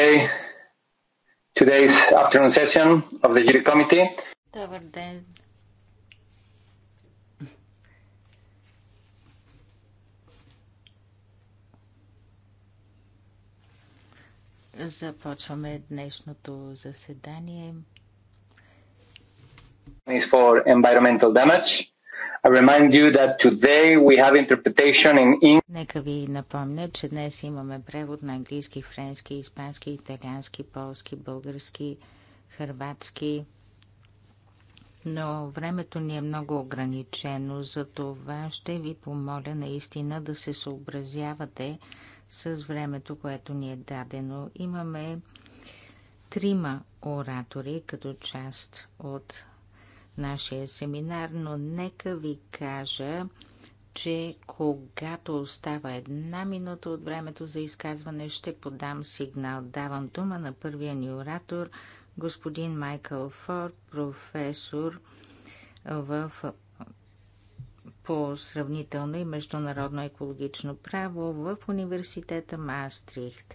today, today's afternoon session of the jury committee. Добър ден. Започваме днешното заседание. Is for environmental damage. Нека ви напомня, че днес имаме превод на английски, френски, испански, италиански, полски, български, хърватски. Но времето ни е много ограничено, за това ще ви помоля наистина да се съобразявате с времето, което ни е дадено. Имаме трима оратори като част от нашия семинар, но нека ви кажа, че когато остава една минута от времето за изказване, ще подам сигнал. Давам дума на първия ни оратор, господин Майкъл Форд, професор в по сравнително и международно екологично право в университета Маастрихт.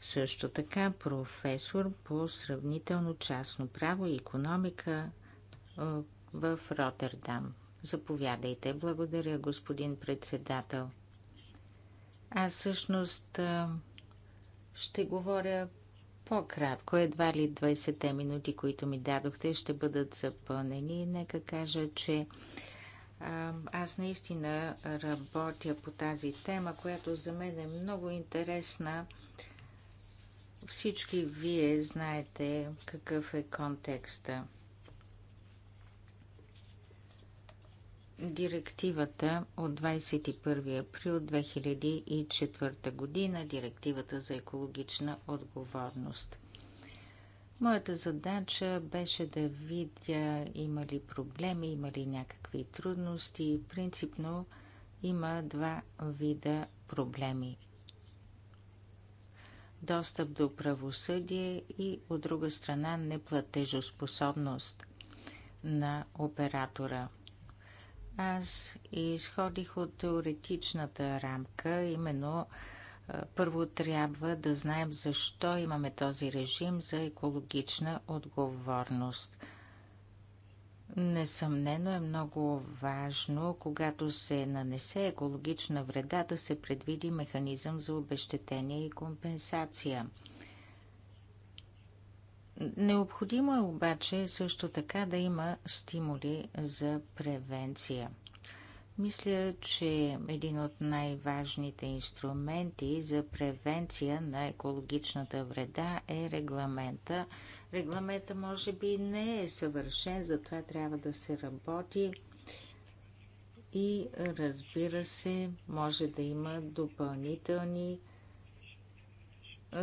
Също така професор по сравнително частно право и економика в Роттердам. Заповядайте. Благодаря, господин председател. Аз всъщност ще говоря по-кратко. Едва ли 20-те минути, които ми дадохте, ще бъдат запълнени. Нека кажа, че аз наистина работя по тази тема, която за мен е много интересна. Всички вие знаете какъв е контекста. Директивата от 21 април 2004 година, директивата за екологична отговорност. Моята задача беше да видя има ли проблеми, има ли някакви трудности. Принципно има два вида проблеми. Достъп до правосъдие и от друга страна неплатежоспособност на оператора – аз изходих от теоретичната рамка, именно първо трябва да знаем защо имаме този режим за екологична отговорност. Несъмнено е много важно, когато се нанесе екологична вреда, да се предвиди механизъм за обещетение и компенсация – Необходимо е обаче също така да има стимули за превенция. Мисля, че един от най-важните инструменти за превенция на екологичната вреда е регламента. Регламента може би не е съвършен, затова трябва да се работи и разбира се, може да има допълнителни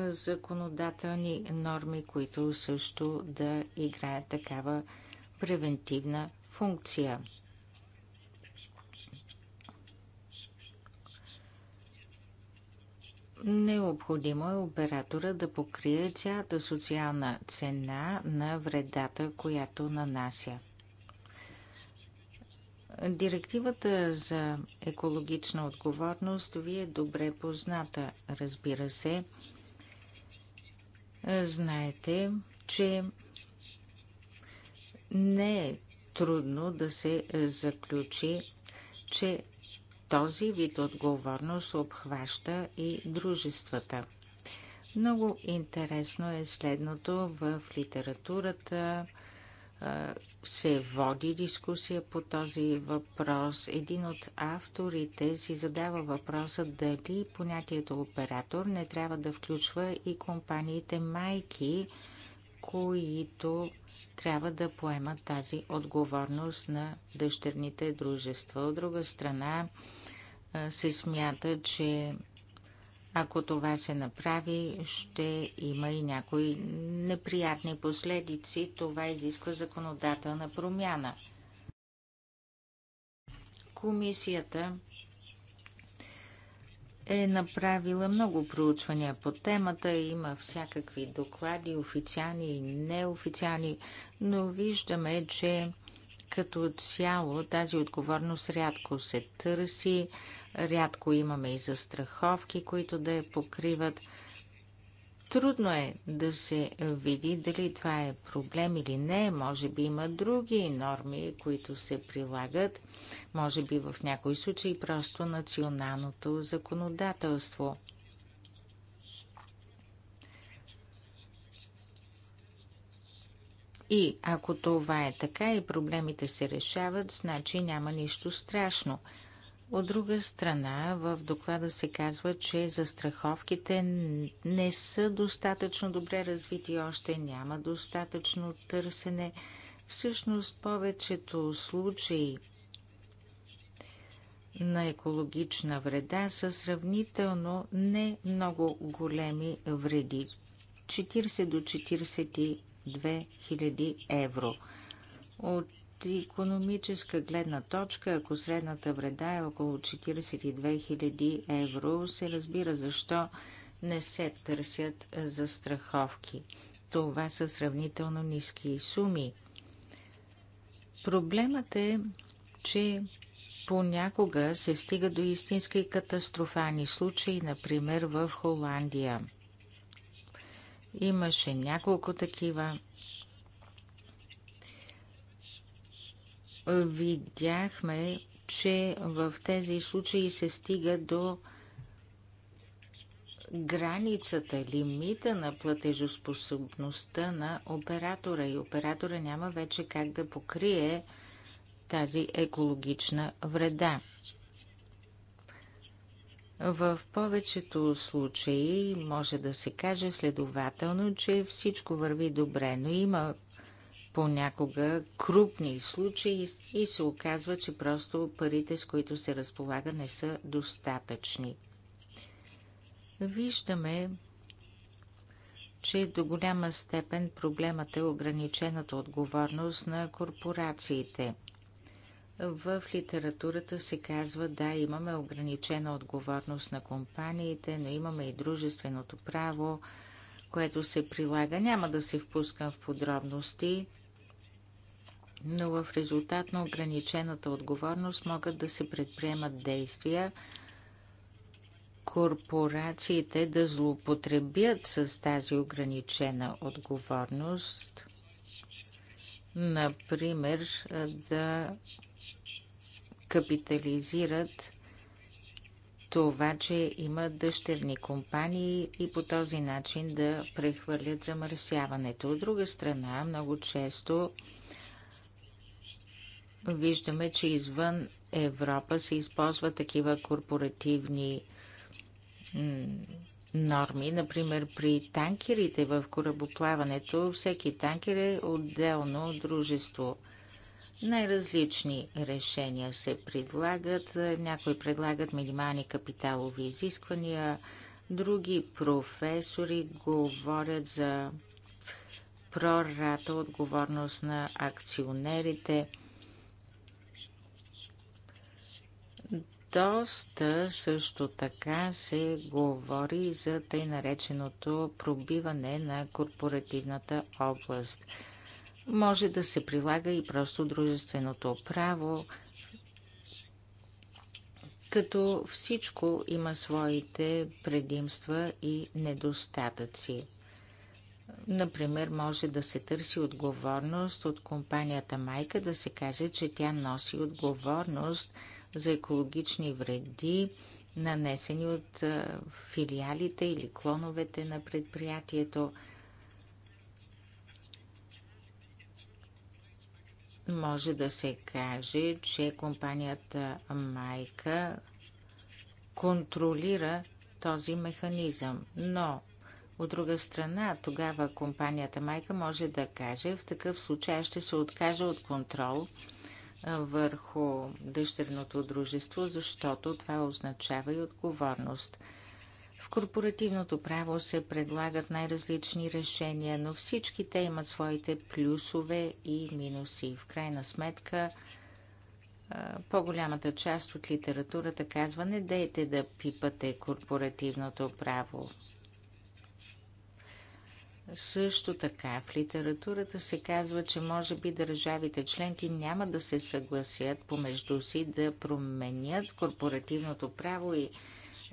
законодателни норми, които също да играят такава превентивна функция. Необходимо е оператора да покрие цялата социална цена на вредата, която нанася. Директивата за екологична отговорност ви е добре позната, разбира се. Знаете, че не е трудно да се заключи, че този вид отговорност обхваща и дружествата. Много интересно е следното в литературата, се води дискусия по този въпрос. Един от авторите си задава въпроса дали понятието оператор не трябва да включва и компаниите майки, които трябва да поемат тази отговорност на дъщерните дружества. От друга страна се смята, че ако това се направи, ще има и някои неприятни последици. Това изисква законодателна промяна. Комисията е направила много проучвания по темата. Има всякакви доклади, официални и неофициални, но виждаме, че като цяло тази отговорност рядко се търси. Рядко имаме и застраховки, които да я покриват. Трудно е да се види дали това е проблем или не. Може би има други норми, които се прилагат. Може би в някои случаи просто националното законодателство. И ако това е така и проблемите се решават, значи няма нищо страшно – от друга страна, в доклада се казва, че застраховките не са достатъчно добре развити още, няма достатъчно търсене. Всъщност, повечето случаи на екологична вреда са сравнително не много големи вреди. 40 до 42 000 евро. От економическа гледна точка, ако средната вреда е около 42 000 евро, се разбира защо не се търсят застраховки. Това са сравнително ниски суми. Проблемът е, че понякога се стига до истински катастрофани случаи, например в Холандия. Имаше няколко такива видяхме, че в тези случаи се стига до границата, лимита на платежоспособността на оператора и оператора няма вече как да покрие тази екологична вреда. В повечето случаи може да се каже следователно, че всичко върви добре, но има понякога крупни случаи и се оказва, че просто парите, с които се разполага, не са достатъчни. Виждаме, че до голяма степен проблемът е ограничената отговорност на корпорациите. В литературата се казва, да, имаме ограничена отговорност на компаниите, но имаме и дружественото право, което се прилага. Няма да се впускам в подробности но в резултат на ограничената отговорност могат да се предприемат действия корпорациите да злоупотребят с тази ограничена отговорност, например да капитализират това, че имат дъщерни компании и по този начин да прехвърлят замърсяването. От друга страна, много често виждаме, че извън Европа се използват такива корпоративни норми. Например, при танкерите в корабоплаването всеки танкер е отделно дружество. Най-различни решения се предлагат. Някои предлагат минимални капиталови изисквания, други професори говорят за прората отговорност на акционерите – Доста също така се говори за тъй нареченото пробиване на корпоративната област. Може да се прилага и просто дружественото право, като всичко има своите предимства и недостатъци. Например, може да се търси отговорност от компанията майка, да се каже, че тя носи отговорност – за екологични вреди, нанесени от филиалите или клоновете на предприятието. Може да се каже, че компанията Майка контролира този механизъм, но от друга страна, тогава компанията майка може да каже, в такъв случай ще се откаже от контрол върху дъщерното дружество, защото това означава и отговорност. В корпоративното право се предлагат най-различни решения, но всички те имат своите плюсове и минуси. В крайна сметка, по-голямата част от литературата казва не дейте да пипате корпоративното право. Също така в литературата се казва, че може би държавите членки няма да се съгласят помежду си да променят корпоративното право и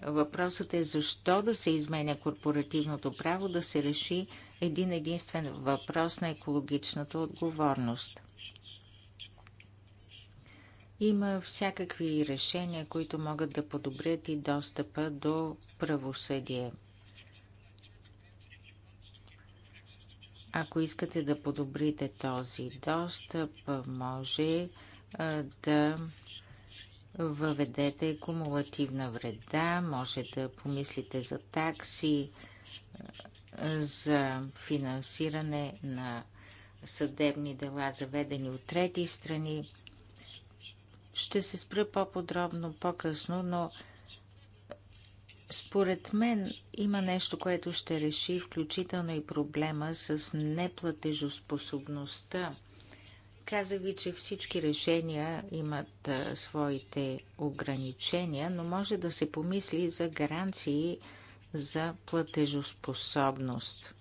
въпросът е защо да се изменя корпоративното право да се реши един единствен въпрос на екологичната отговорност. Има всякакви решения, които могат да подобрят и достъпа до правосъдие. Ако искате да подобрите този достъп, може да въведете кумулативна вреда, може да помислите за такси, за финансиране на съдебни дела, заведени от трети страни. Ще се спра по-подробно по-късно, но според мен има нещо, което ще реши включително и проблема с неплатежоспособността. Каза ви, че всички решения имат а, своите ограничения, но може да се помисли за гаранции за платежоспособност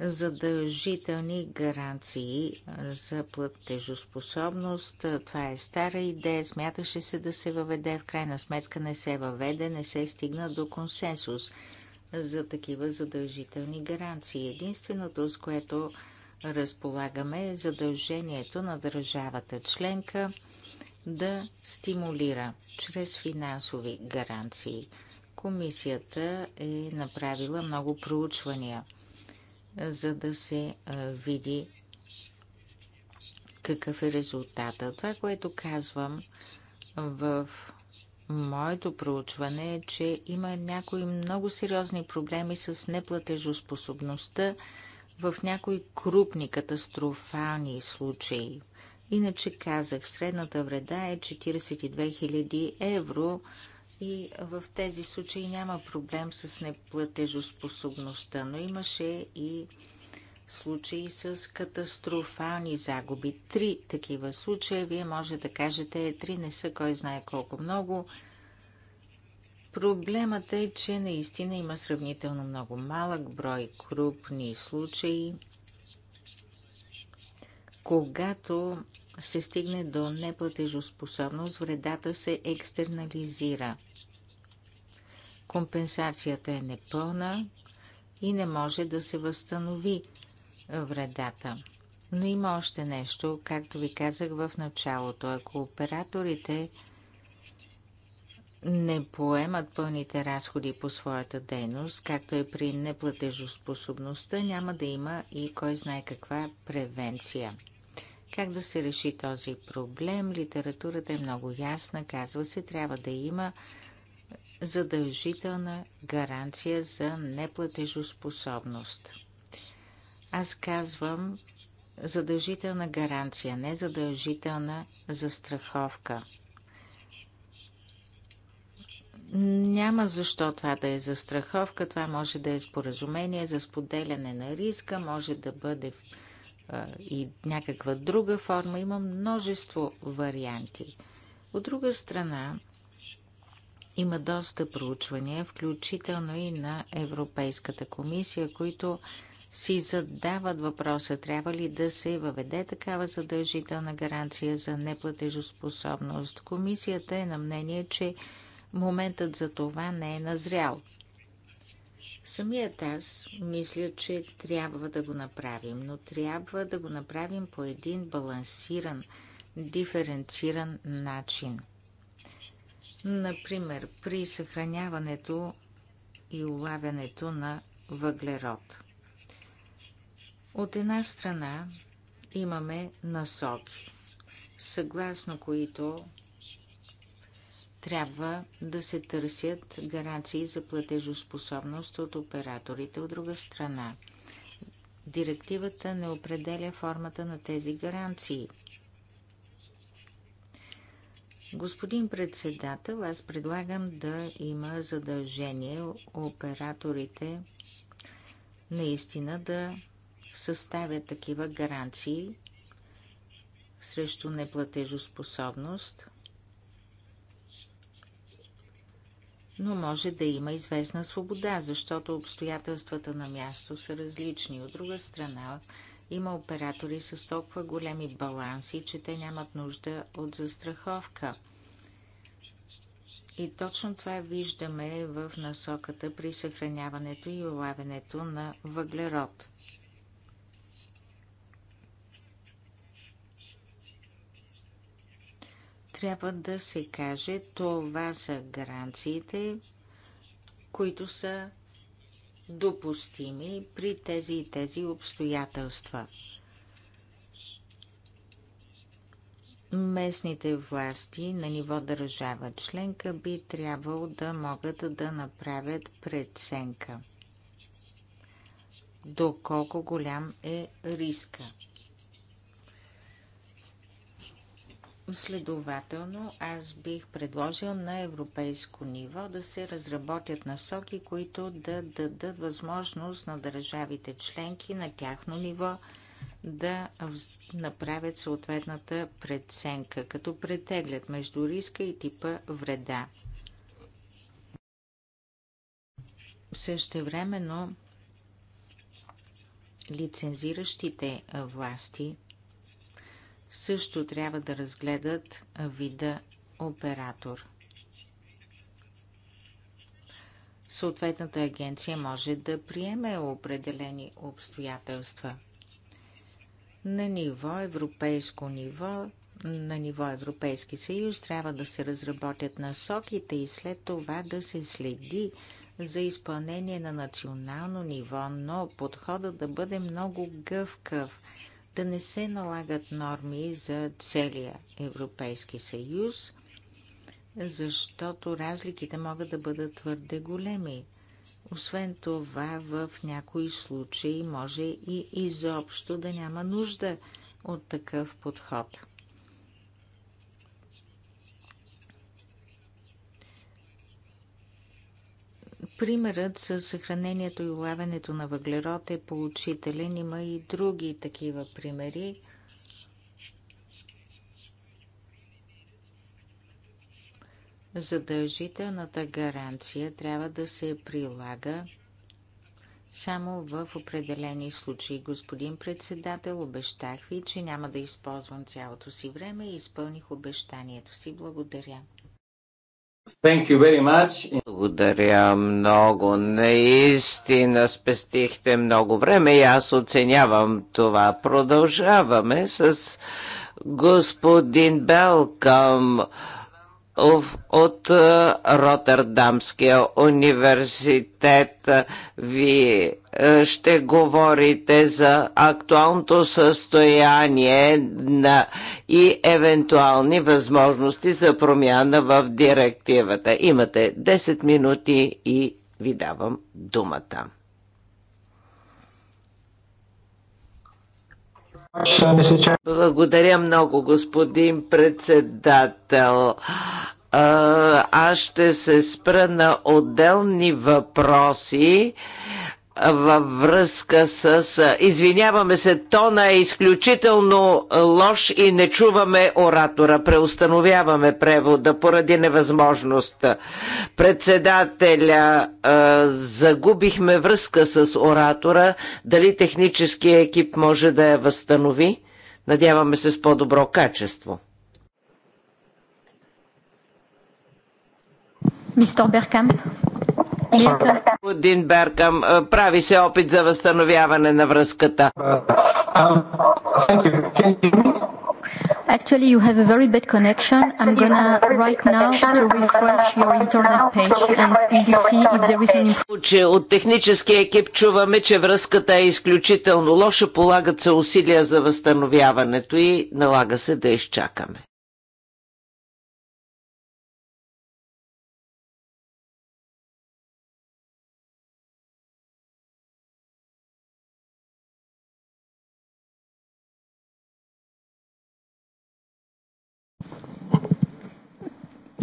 задължителни гаранции за платежоспособност. Това е стара идея, смяташе се да се въведе, в крайна сметка не се въведе, не се стигна до консенсус за такива задължителни гаранции. Единственото, с което разполагаме е задължението на държавата членка да стимулира чрез финансови гаранции. Комисията е направила много проучвания за да се види какъв е резултата. Това, което казвам в моето проучване е, че има някои много сериозни проблеми с неплатежоспособността в някои крупни катастрофални случаи. Иначе казах, средната вреда е 42 000 евро и в тези случаи няма проблем с неплатежоспособността, но имаше и случаи с катастрофални загуби. Три такива случая, вие може да кажете, е три не са кой знае колко много. Проблемът е, че наистина има сравнително много малък брой крупни случаи, когато се стигне до неплатежоспособност, вредата се екстернализира. Компенсацията е непълна и не може да се възстанови вредата. Но има още нещо, както ви казах в началото. Ако операторите не поемат пълните разходи по своята дейност, както е при неплатежоспособността, няма да има и кой знае каква превенция как да се реши този проблем. Литературата е много ясна. Казва се, трябва да има задължителна гаранция за неплатежоспособност. Аз казвам задължителна гаранция, не задължителна застраховка. Няма защо това да е застраховка, това може да е споразумение за споделяне на риска, може да бъде и някаква друга форма. Има множество варианти. От друга страна, има доста проучвания, включително и на Европейската комисия, които си задават въпроса, трябва ли да се въведе такава задължителна гаранция за неплатежоспособност. Комисията е на мнение, че моментът за това не е назрял. Самият аз мисля, че трябва да го направим, но трябва да го направим по един балансиран, диференциран начин. Например, при съхраняването и улавянето на въглерод. От една страна имаме насоки, съгласно които трябва да се търсят гаранции за платежоспособност от операторите от друга страна. Директивата не определя формата на тези гаранции. Господин председател, аз предлагам да има задължение операторите наистина да съставят такива гаранции срещу неплатежоспособност – но може да има известна свобода, защото обстоятелствата на място са различни. От друга страна, има оператори с толкова големи баланси, че те нямат нужда от застраховка. И точно това виждаме в насоката при съхраняването и улавянето на въглерод. трябва да се каже, това са гаранциите, които са допустими при тези и тези обстоятелства. Местните власти на ниво държава членка би трябвало да могат да направят преценка доколко голям е риска. Следователно, аз бих предложил на европейско ниво да се разработят насоки, които да дадат възможност на държавите членки на тяхно ниво да направят съответната преценка, като претеглят между риска и типа вреда. Същевременно лицензиращите власти – също трябва да разгледат вида оператор. Съответната агенция може да приеме определени обстоятелства. На ниво европейско ниво, на ниво Европейски съюз трябва да се разработят насоките и след това да се следи за изпълнение на национално ниво, но подходът да бъде много гъвкав – да не се налагат норми за целия Европейски съюз, защото разликите могат да бъдат твърде големи. Освен това, в някои случаи може и изобщо да няма нужда от такъв подход. Примерът с съхранението и улавянето на въглерод е поучителен. Има и други такива примери. Задължителната гаранция трябва да се прилага само в определени случаи. Господин председател, обещах ви, че няма да използвам цялото си време и изпълних обещанието си. Благодаря. Thank you very much. Благодаря много. Наистина спестихте много време и аз оценявам това. Продължаваме с господин Белкам от е, Роттердамския университет. Ви е, ще говорите за актуалното състояние на и евентуални възможности за промяна в директивата. Имате 10 минути и ви давам думата. Благодаря много, господин председател. Аз ще се спра на отделни въпроси във връзка с... Извиняваме се, тона е изключително лош и не чуваме оратора. Преустановяваме превода поради невъзможност. Председателя, загубихме връзка с оратора. Дали техническия екип може да я възстанови? Надяваме се с по-добро качество. Мистер Беркамп. Господин Беркам, прави се опит за възстановяване на връзката. Actually, you have a very bad connection. I'm gonna right now to refresh your internet page and see if there is an improvement. От техническия екип чуваме, че връзката е изключително лоша, полагат се усилия за възстановяването и налага се да изчакаме.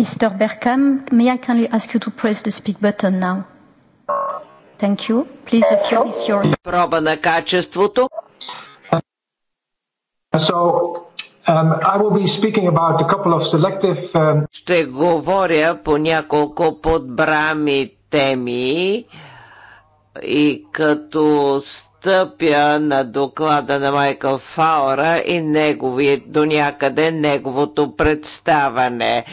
Mr. Berkham, may I kindly ask you to press the speak button now? Thank you. Please, the floor is yours. Проба на качеството. So, um, I will be speaking about a couple of selective, um... Ще говоря по няколко подбрами теми и като стъпя на доклада на Майкъл Фаура и негови, до някъде неговото представане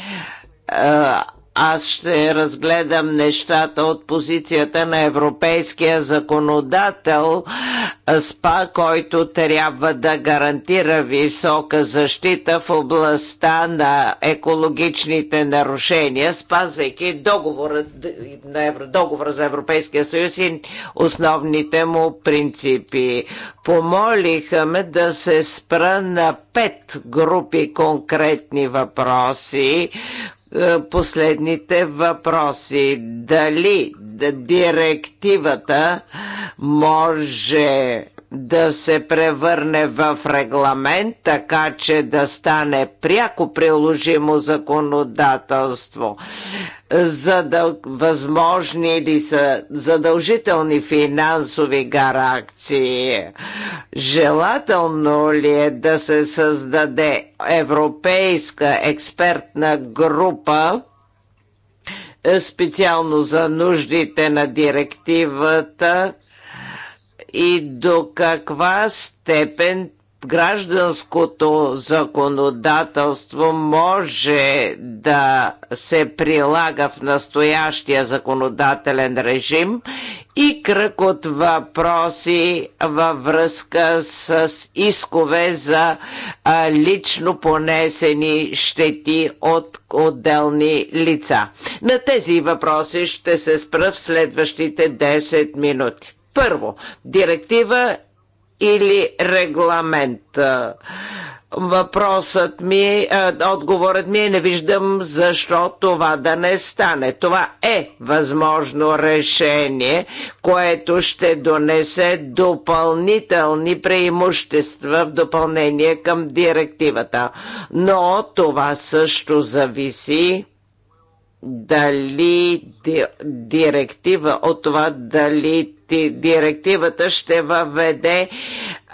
аз ще разгледам нещата от позицията на европейския законодател, СПА, който трябва да гарантира висока защита в областта на екологичните нарушения, спазвайки договора, на Евро, договора за Европейския съюз и основните му принципи. Помолиха ме да се спра на пет групи конкретни въпроси, е, последните въпроси. Дали директивата може да се превърне в регламент, така че да стане пряко приложимо законодателство. За да възможни ли са задължителни финансови гаракции? Желателно ли е да се създаде европейска експертна група, е, специално за нуждите на директивата и до каква степен гражданското законодателство може да се прилага в настоящия законодателен режим и кръг от въпроси във връзка с искове за лично понесени щети от отделни лица. На тези въпроси ще се спра в следващите 10 минути. Първо, директива или регламент. Въпросът ми, е, отговорът ми е не виждам защо това да не стане. Това е възможно решение, което ще донесе допълнителни преимущества в допълнение към директивата. Но това също зависи дали директива от това дали директивата ще въведе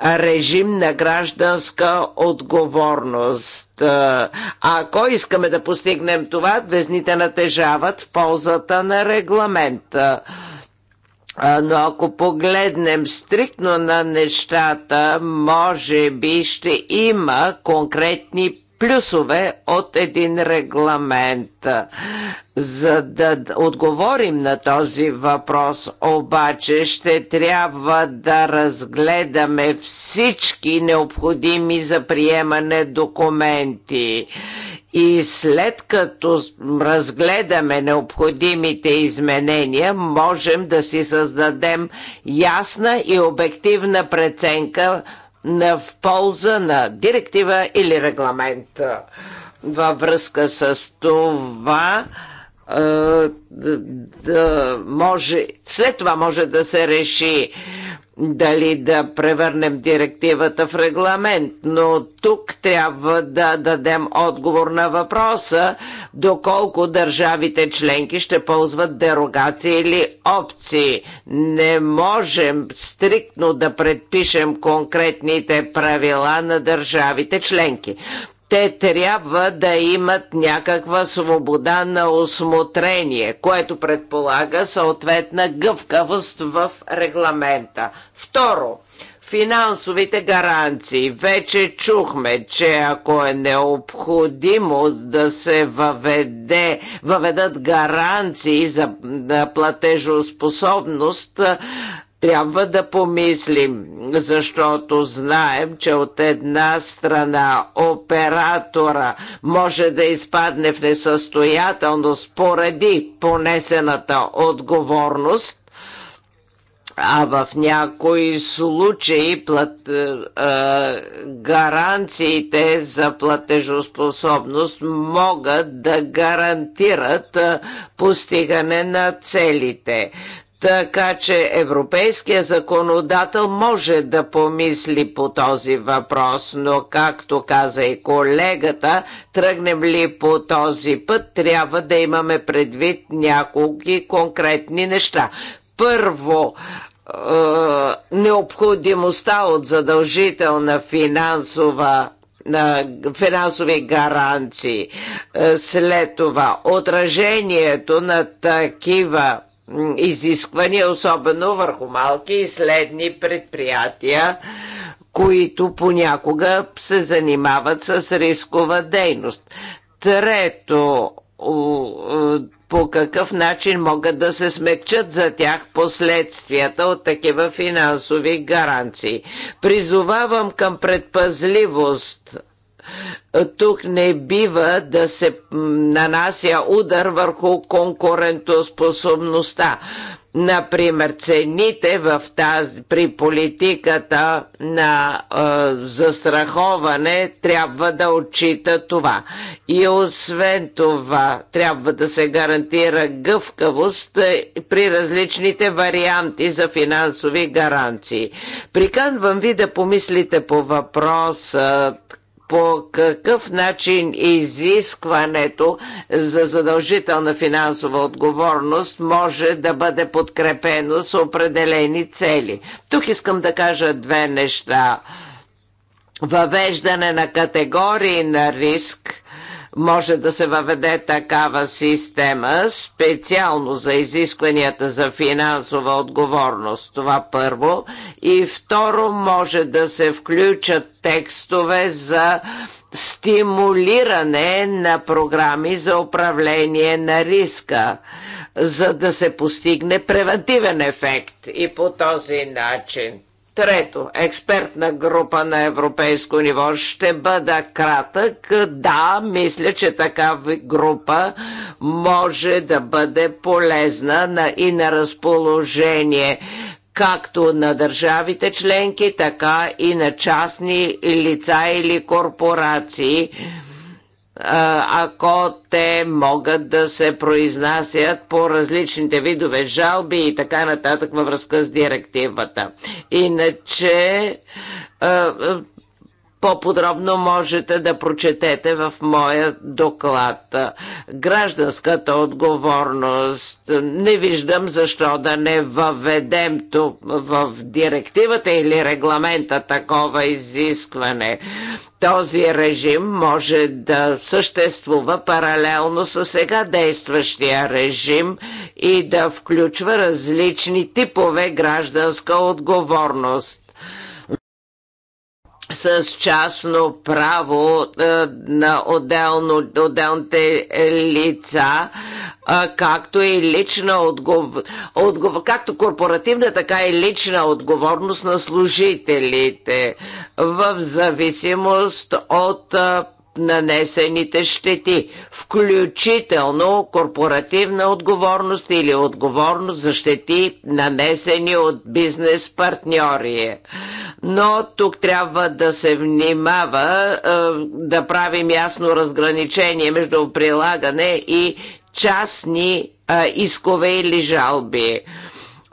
режим на гражданска отговорност. А ако искаме да постигнем това, везните натежават в ползата на регламента. Но ако погледнем стриктно на нещата, може би ще има конкретни плюсове от един регламент. За да отговорим на този въпрос, обаче ще трябва да разгледаме всички необходими за приемане документи. И след като разгледаме необходимите изменения, можем да си създадем ясна и обективна преценка в полза на директива или регламент. Във връзка с това да може, след това може да се реши дали да превърнем директивата в регламент, но тук трябва да дадем отговор на въпроса доколко държавите членки ще ползват дерогации или опции. Не можем стриктно да предпишем конкретните правила на държавите членки те трябва да имат някаква свобода на осмотрение, което предполага съответна гъвкавост в регламента. Второ, финансовите гаранции. Вече чухме, че ако е необходимо да се въведе, въведат гаранции за платежоспособност, трябва да помислим, защото знаем, че от една страна оператора може да изпадне в несъстоятелност поради понесената отговорност, а в някои случаи плат, а, е, е, гаранциите за платежоспособност могат да гарантират а, е, постигане на целите. Така че европейския законодател може да помисли по този въпрос, но както каза и колегата, тръгнем ли по този път, трябва да имаме предвид няколко конкретни неща. Първо, е, необходимостта от задължителна финансова на финансови гаранции. Е, след това отражението на такива изисквания, особено върху малки и следни предприятия, които понякога се занимават с рискова дейност. Трето, по какъв начин могат да се смекчат за тях последствията от такива финансови гаранции. Призовавам към предпазливост – тук не бива да се нанася удар върху конкурентоспособността. Например, цените в тази, при политиката на е, застраховане трябва да отчита това. И освен това, трябва да се гарантира гъвкавост е, при различните варианти за финансови гаранции. Приканвам ви да помислите по въпроса по какъв начин изискването за задължителна финансова отговорност може да бъде подкрепено с определени цели. Тук искам да кажа две неща. Въвеждане на категории на риск може да се въведе такава система специално за изискванията за финансова отговорност. Това първо. И второ, може да се включат текстове за стимулиране на програми за управление на риска, за да се постигне превентивен ефект и по този начин Трето, експертна група на европейско ниво. Ще бъда кратък. Да, мисля, че такава група може да бъде полезна на и на разположение както на държавите членки, така и на частни лица или корпорации ако те могат да се произнасят по различните видове жалби и така нататък във връзка с директивата. Иначе по-подробно можете да прочетете в моя доклад. Гражданската отговорност. Не виждам защо да не въведем в директивата или регламента такова изискване. Този режим може да съществува паралелно с сега действащия режим и да включва различни типове гражданска отговорност с частно право е, на отделно, отделните лица, е, както и лична отговор, отговор, както корпоративна, така и лична отговорност на служителите в зависимост от е, нанесените щети, включително корпоративна отговорност или отговорност за щети, нанесени от бизнес партньори но тук трябва да се внимава е, да правим ясно разграничение между прилагане и частни е, искове или жалби.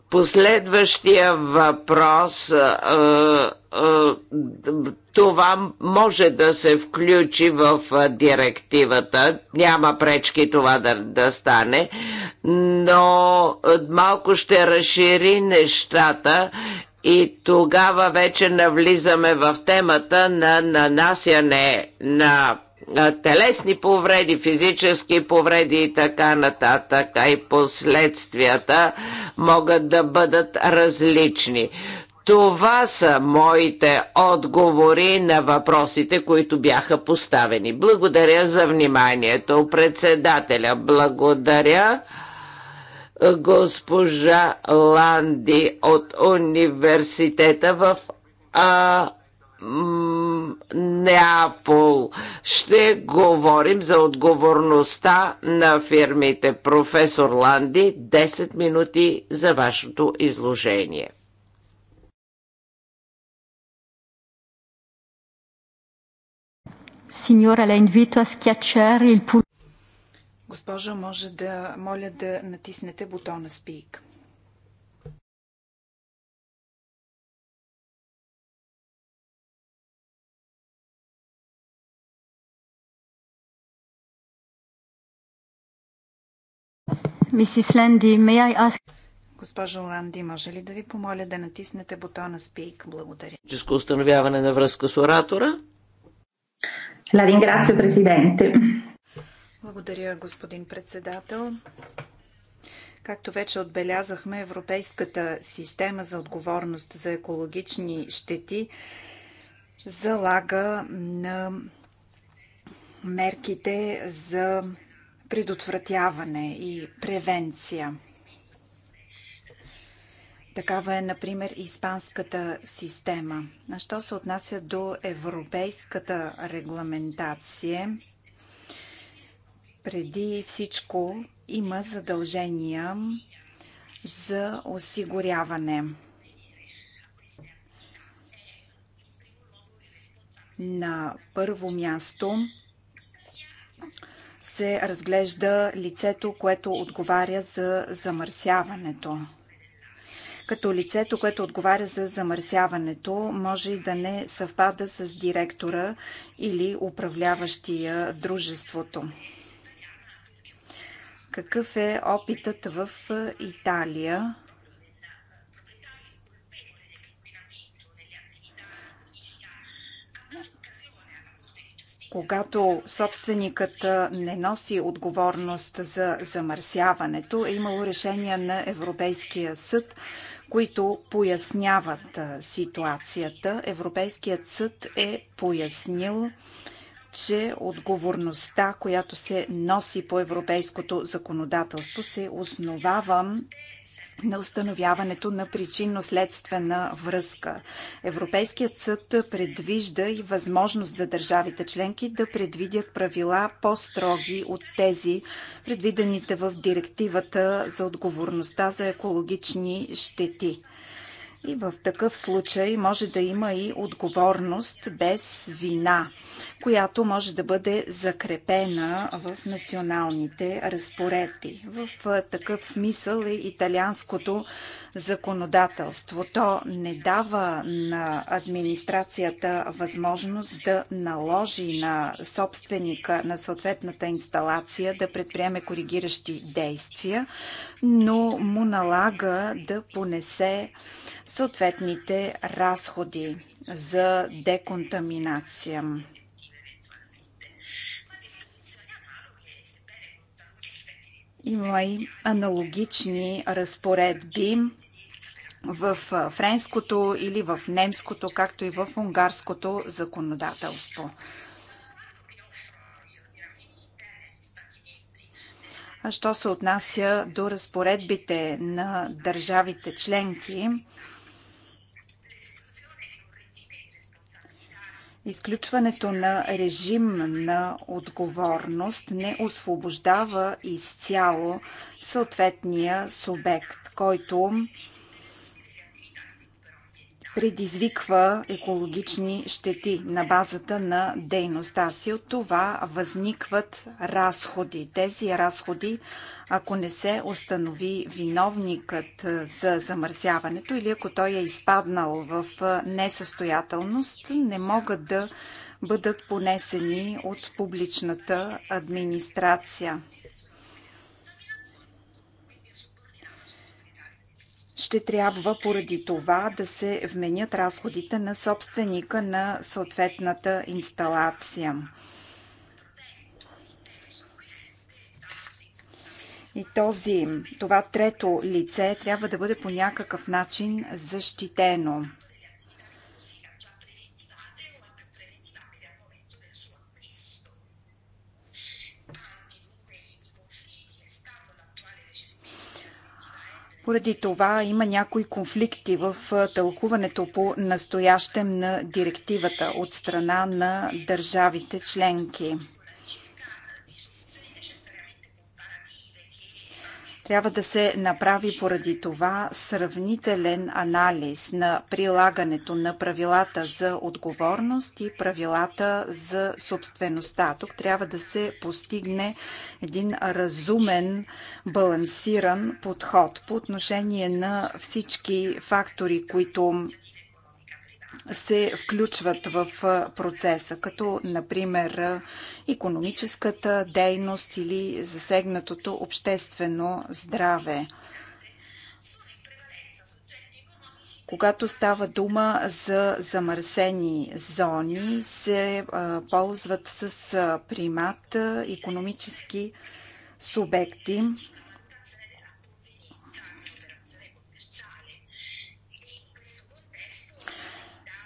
Последващия въпрос е, това може да се включи в директивата. Няма пречки това да, да стане, но малко ще разшири нещата и тогава вече навлизаме в темата на нанасяне на телесни повреди, физически повреди и така нататък, а и последствията могат да бъдат различни. Това са моите отговори на въпросите, които бяха поставени. Благодаря за вниманието. Председателя, благодаря госпожа Ланди от университета в а, Неапол. Ще говорим за отговорността на фирмите. Професор Ланди, 10 минути за вашето изложение. Signora, la invito a schiacciare il pulsante. Госпожа, може да моля да натиснете бутона Speak. Мисис Ленди, may I ask... Госпожо Ланди, може ли да ви помоля да натиснете бутона Speak? Благодаря. Ческо установяване на връзка с оратора. La ringrazio, Presidente. Благодаря, господин председател. Както вече отбелязахме, Европейската система за отговорност за екологични щети залага на мерките за предотвратяване и превенция. Такава е, например, испанската система. На що се отнася до европейската регламентация – преди всичко има задължения за осигуряване на първо място се разглежда лицето, което отговаря за замърсяването. Като лицето, което отговаря за замърсяването, може и да не съвпада с директора или управляващия дружеството какъв е опитът в Италия. Когато собственикът не носи отговорност за замърсяването, е имало решения на Европейския съд, които поясняват ситуацията. Европейският съд е пояснил, че отговорността, която се носи по европейското законодателство, се основава на установяването на причинно-следствена връзка. Европейският съд предвижда и възможност за държавите членки да предвидят правила по-строги от тези, предвидените в директивата за отговорността за екологични щети. И в такъв случай може да има и отговорност без вина, която може да бъде закрепена в националните разпоредби. В такъв смисъл е италианското законодателство. То не дава на администрацията възможност да наложи на собственика на съответната инсталация да предприеме коригиращи действия, но му налага да понесе съответните разходи за деконтаминация. Има и аналогични разпоредби в френското или в немското, както и в унгарското законодателство. А що се отнася до разпоредбите на държавите членки, Изключването на режим на отговорност не освобождава изцяло съответния субект, който предизвиква екологични щети на базата на дейността си. От това възникват разходи. Тези разходи, ако не се установи виновникът за замърсяването или ако той е изпаднал в несъстоятелност, не могат да бъдат понесени от публичната администрация. ще трябва поради това да се вменят разходите на собственика на съответната инсталация. И този, това трето лице трябва да бъде по някакъв начин защитено. Поради това има някои конфликти в тълкуването по настоящем на директивата от страна на държавите членки. Трябва да се направи поради това сравнителен анализ на прилагането на правилата за отговорност и правилата за собствеността. Тук трябва да се постигне един разумен, балансиран подход по отношение на всички фактори, които се включват в процеса, като например економическата дейност или засегнатото обществено здраве. Когато става дума за замърсени зони, се ползват с примат економически субекти,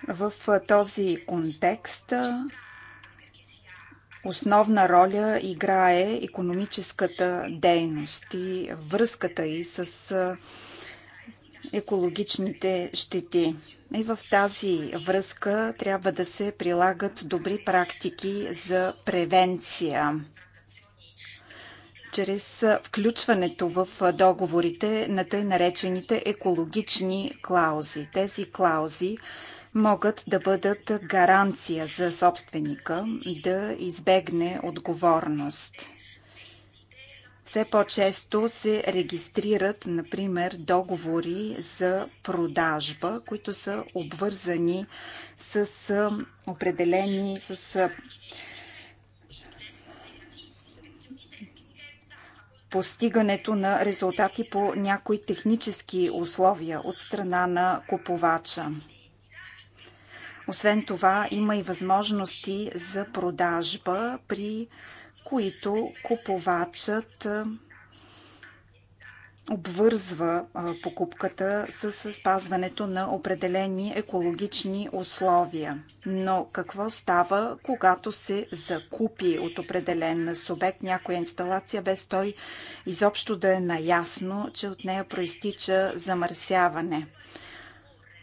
В този контекст основна роля играе економическата дейност и връзката и с екологичните щети. И в тази връзка трябва да се прилагат добри практики за превенция чрез включването в договорите на тъй наречените екологични клаузи. Тези клаузи могат да бъдат гаранция за собственика да избегне отговорност. Все по-често се регистрират, например, договори за продажба, които са обвързани с определени, с постигането на резултати по някои технически условия от страна на купувача. Освен това, има и възможности за продажба, при които купувачът обвързва покупката с спазването на определени екологични условия. Но какво става, когато се закупи от определен субект някоя инсталация, без той изобщо да е наясно, че от нея проистича замърсяване?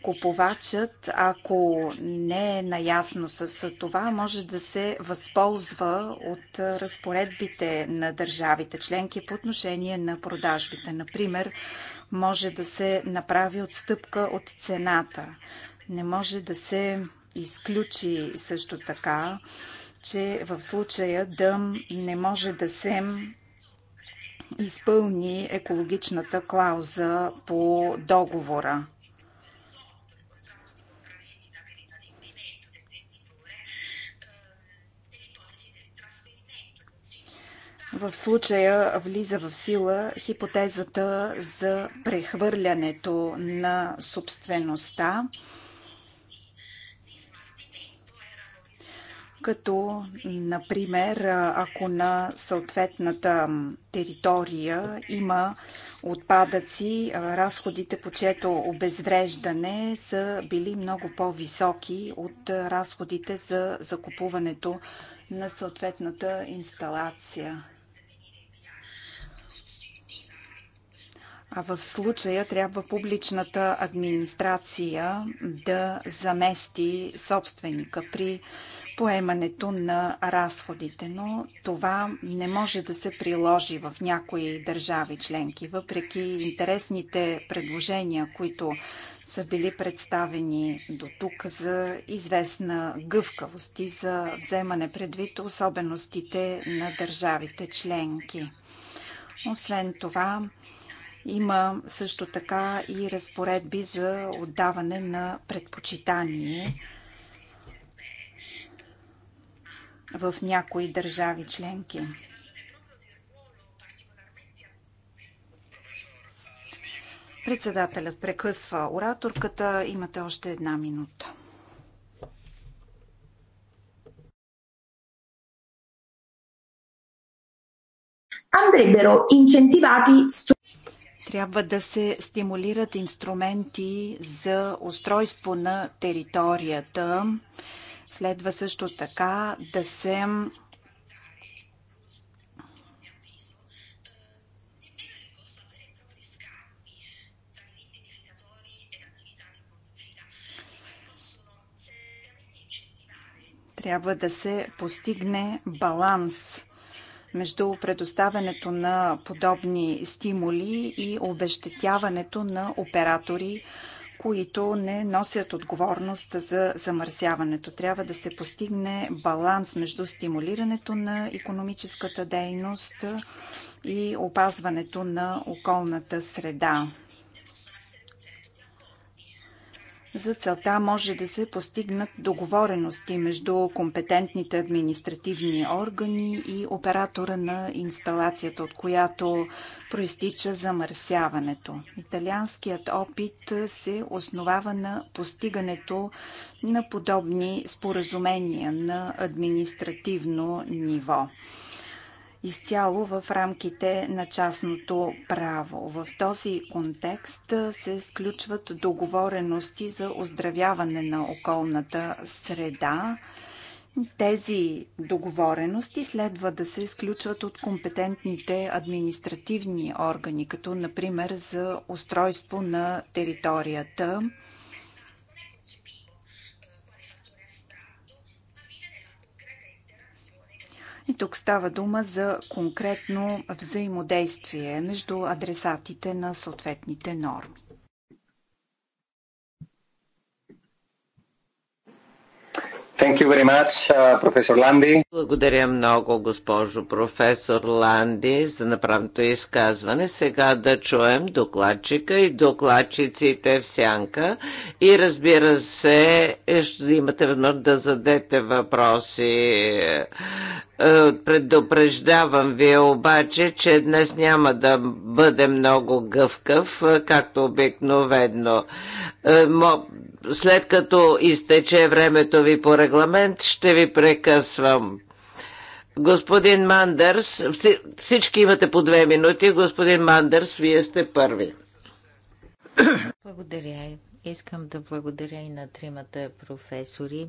купувачът, ако не е наясно с това, може да се възползва от разпоредбите на държавите членки по отношение на продажбите. Например, може да се направи отстъпка от цената. Не може да се изключи също така, че в случая да не може да се изпълни екологичната клауза по договора. В случая влиза в сила хипотезата за прехвърлянето на собствеността, като, например, ако на съответната територия има отпадъци, разходите по чето обезвреждане са били много по-високи от разходите за закупуването на съответната инсталация. А в случая трябва публичната администрация да замести собственика при поемането на разходите, но това не може да се приложи в някои държави членки, въпреки интересните предложения, които са били представени до тук за известна гъвкавост и за вземане предвид особеностите на държавите членки. Освен това, има също така и разпоредби за отдаване на предпочитание в някои държави членки. Председателят прекъсва ораторката. Имате още една минута. Андрей Беро, инцентивати трябва да се стимулират инструменти за устройство на територията. Следва също така да се трябва да се постигне баланс между предоставянето на подобни стимули и обещетяването на оператори, които не носят отговорност за замърсяването. Трябва да се постигне баланс между стимулирането на економическата дейност и опазването на околната среда. За целта може да се постигнат договорености между компетентните административни органи и оператора на инсталацията, от която проистича замърсяването. Италианският опит се основава на постигането на подобни споразумения на административно ниво изцяло в рамките на частното право. В този контекст се сключват договорености за оздравяване на околната среда. Тези договорености следва да се изключват от компетентните административни органи, като например за устройство на територията И тук става дума за конкретно взаимодействие между адресатите на съответните норми. Thank you very much, професор uh, Ланди. Благодаря много, госпожо професор Ланди, за направеното изказване. Сега да чуем докладчика и докладчиците в сянка. И разбира се, е, ще имате възможност да задете въпроси. Е, предупреждавам ви обаче, че днес няма да бъде много гъвкав, е, както обикновено след като изтече времето ви по регламент, ще ви прекъсвам. Господин Мандърс, всички имате по две минути. Господин Мандърс, вие сте първи. Благодаря. Искам да благодаря и на тримата професори.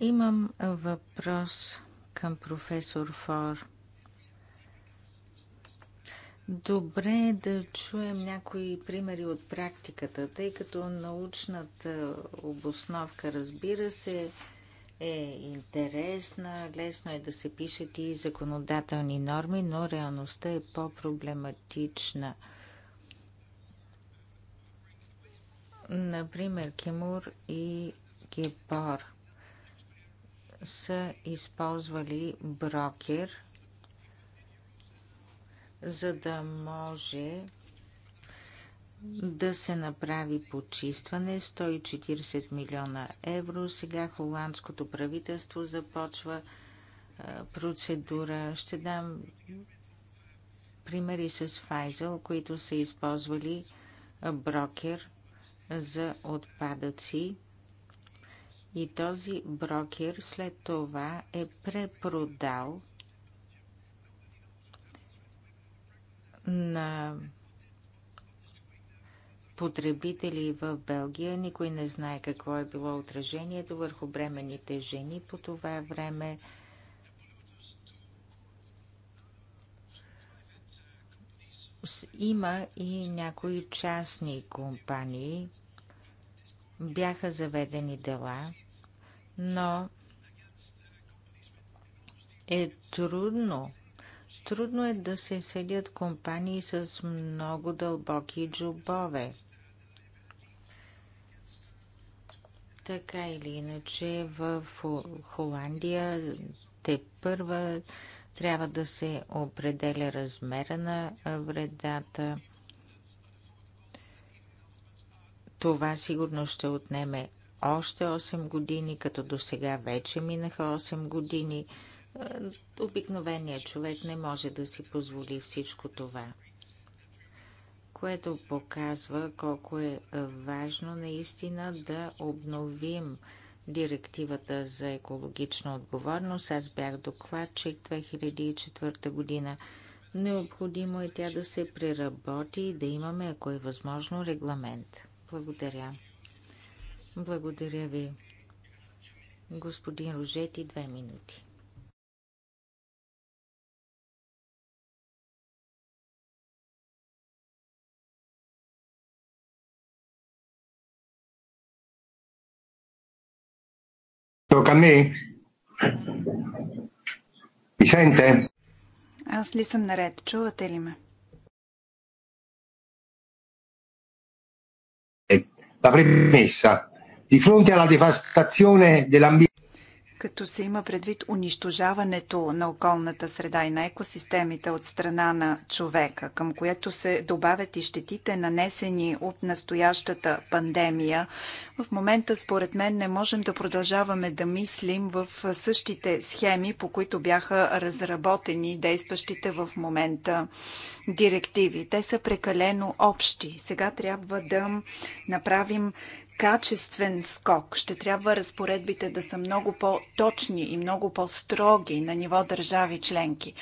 Имам въпрос към професор Фор. Добре е да чуем някои примери от практиката, тъй като научната обосновка, разбира се, е интересна, лесно е да се пишат и законодателни норми, но реалността е по-проблематична. Например, Кимур и Гепор са използвали брокер – за да може да се направи почистване 140 милиона евро. Сега холандското правителство започва процедура. Ще дам примери с Файзел, които са използвали брокер за отпадъци. И този брокер след това е препродал на потребители в Белгия. Никой не знае какво е било отражението върху бременните жени по това време. Има и някои частни компании. Бяха заведени дела, но е трудно Трудно е да се съдят компании с много дълбоки джобове. Така или иначе в Холандия те първа трябва да се определя размера на вредата. Това сигурно ще отнеме още 8 години, като до сега вече минаха 8 години. Обикновеният човек не може да си позволи всичко това, което показва колко е важно наистина да обновим директивата за екологична отговорност. Аз бях докладчик 2004 година. Необходимо е тя да се преработи и да имаме, ако е възможно, регламент. Благодаря. Благодаря ви. Господин Рожети, две минути. tocca a me. Vicente. Аз ли съм наред? Чувате ли ме? La premessa. Di fronte alla devastazione dell'ambiente като се има предвид унищожаването на околната среда и на екосистемите от страна на човека, към което се добавят и щетите нанесени от настоящата пандемия, в момента според мен не можем да продължаваме да мислим в същите схеми, по които бяха разработени действащите в момента директиви. Те са прекалено общи. Сега трябва да направим качествен скок. Ще трябва разпоредбите да са много по-точни и много по-строги на ниво държави членки.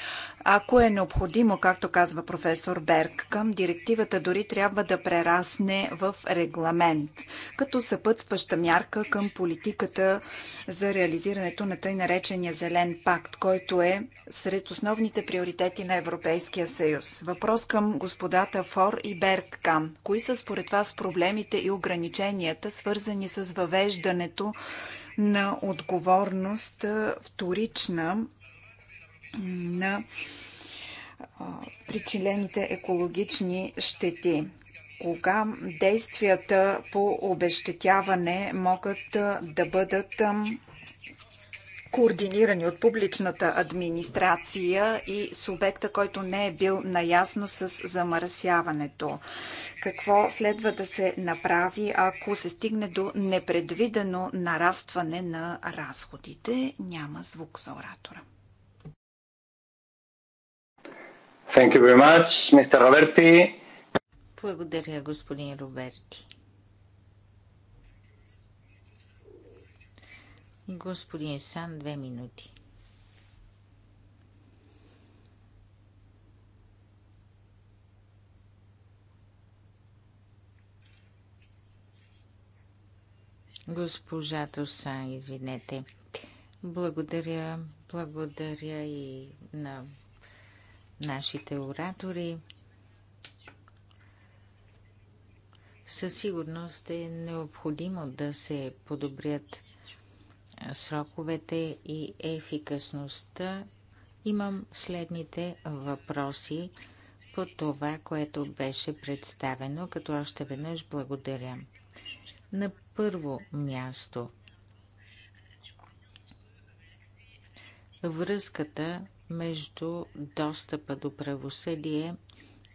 Ако е необходимо, както казва професор Берг, към директивата дори трябва да прерасне в регламент, като съпътстваща мярка към политиката за реализирането на тъй наречения Зелен пакт, който е сред основните приоритети на Европейския съюз. Въпрос към господата Фор и Кам. Кои са според вас проблемите и ограниченията условията, свързани с въвеждането на отговорност вторична на причилените екологични щети кога действията по обещетяване могат да бъдат координирани от публичната администрация и субекта, който не е бил наясно с замърсяването. Какво следва да се направи, ако се стигне до непредвидено нарастване на разходите? Няма звук за оратора. Thank you very much, Mr. Roberti. Благодаря, господин Роберти. Господин Сан, две минути. Госпожа Тосан, извинете. Благодаря, благодаря и на нашите оратори. Със сигурност е необходимо да се подобрят сроковете и ефикасността, имам следните въпроси по това, което беше представено, като още веднъж благодаря. На първо място връзката между достъпа до правосъдие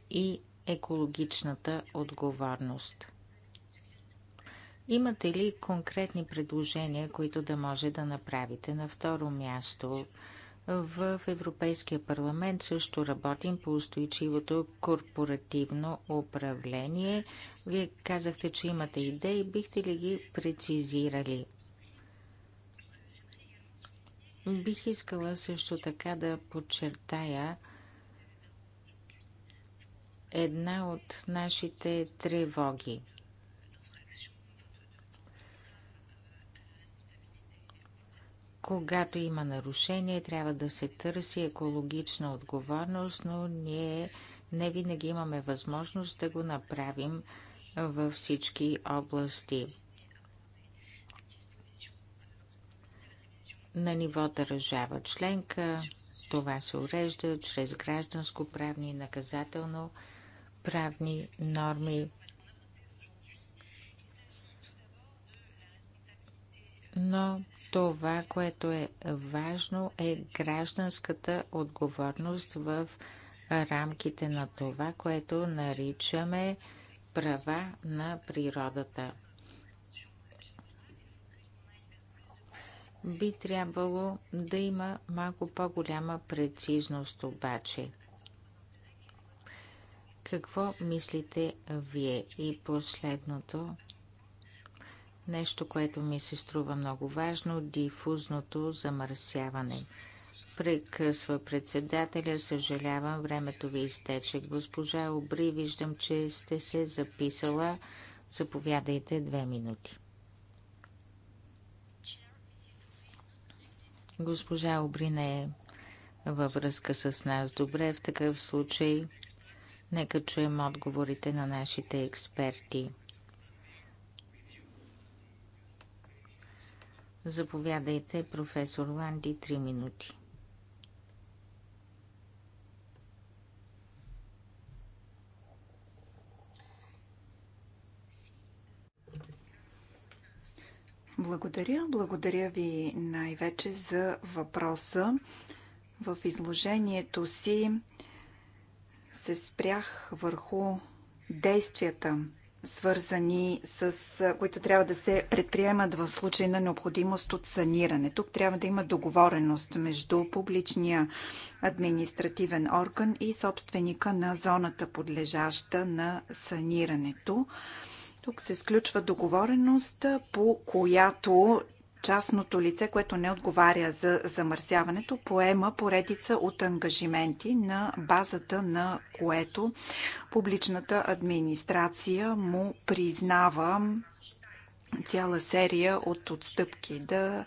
и екологичната отговорност. Имате ли конкретни предложения, които да може да направите? На второ място, в Европейския парламент също работим по устойчивото корпоративно управление. Вие казахте, че имате идеи. Бихте ли ги прецизирали? Бих искала също така да подчертая една от нашите тревоги – Когато има нарушение, трябва да се търси екологична отговорност, но ние не винаги имаме възможност да го направим във всички области. На ниво държава членка това се урежда чрез гражданско-правни и наказателно-правни норми. Но това, което е важно, е гражданската отговорност в рамките на това, което наричаме права на природата. Би трябвало да има малко по-голяма прецизност обаче. Какво мислите вие? И последното. Нещо, което ми се струва много важно – дифузното замърсяване. Прекъсва председателя, съжалявам, времето ви изтече. Госпожа Обри, виждам, че сте се записала. Заповядайте две минути. Госпожа Обри не е във връзка с нас. Добре, в такъв случай нека чуем отговорите на нашите експерти. Заповядайте, професор Ланди, 3 минути. Благодаря. Благодаря ви най-вече за въпроса. В изложението си се спрях върху действията свързани с които трябва да се предприемат в случай на необходимост от саниране. Тук трябва да има договореност между публичния административен орган и собственика на зоната, подлежаща на санирането. Тук се изключва договореност, по която частното лице, което не отговаря за замърсяването, поема поредица от ангажименти на базата на което публичната администрация му признава цяла серия от отстъпки. Да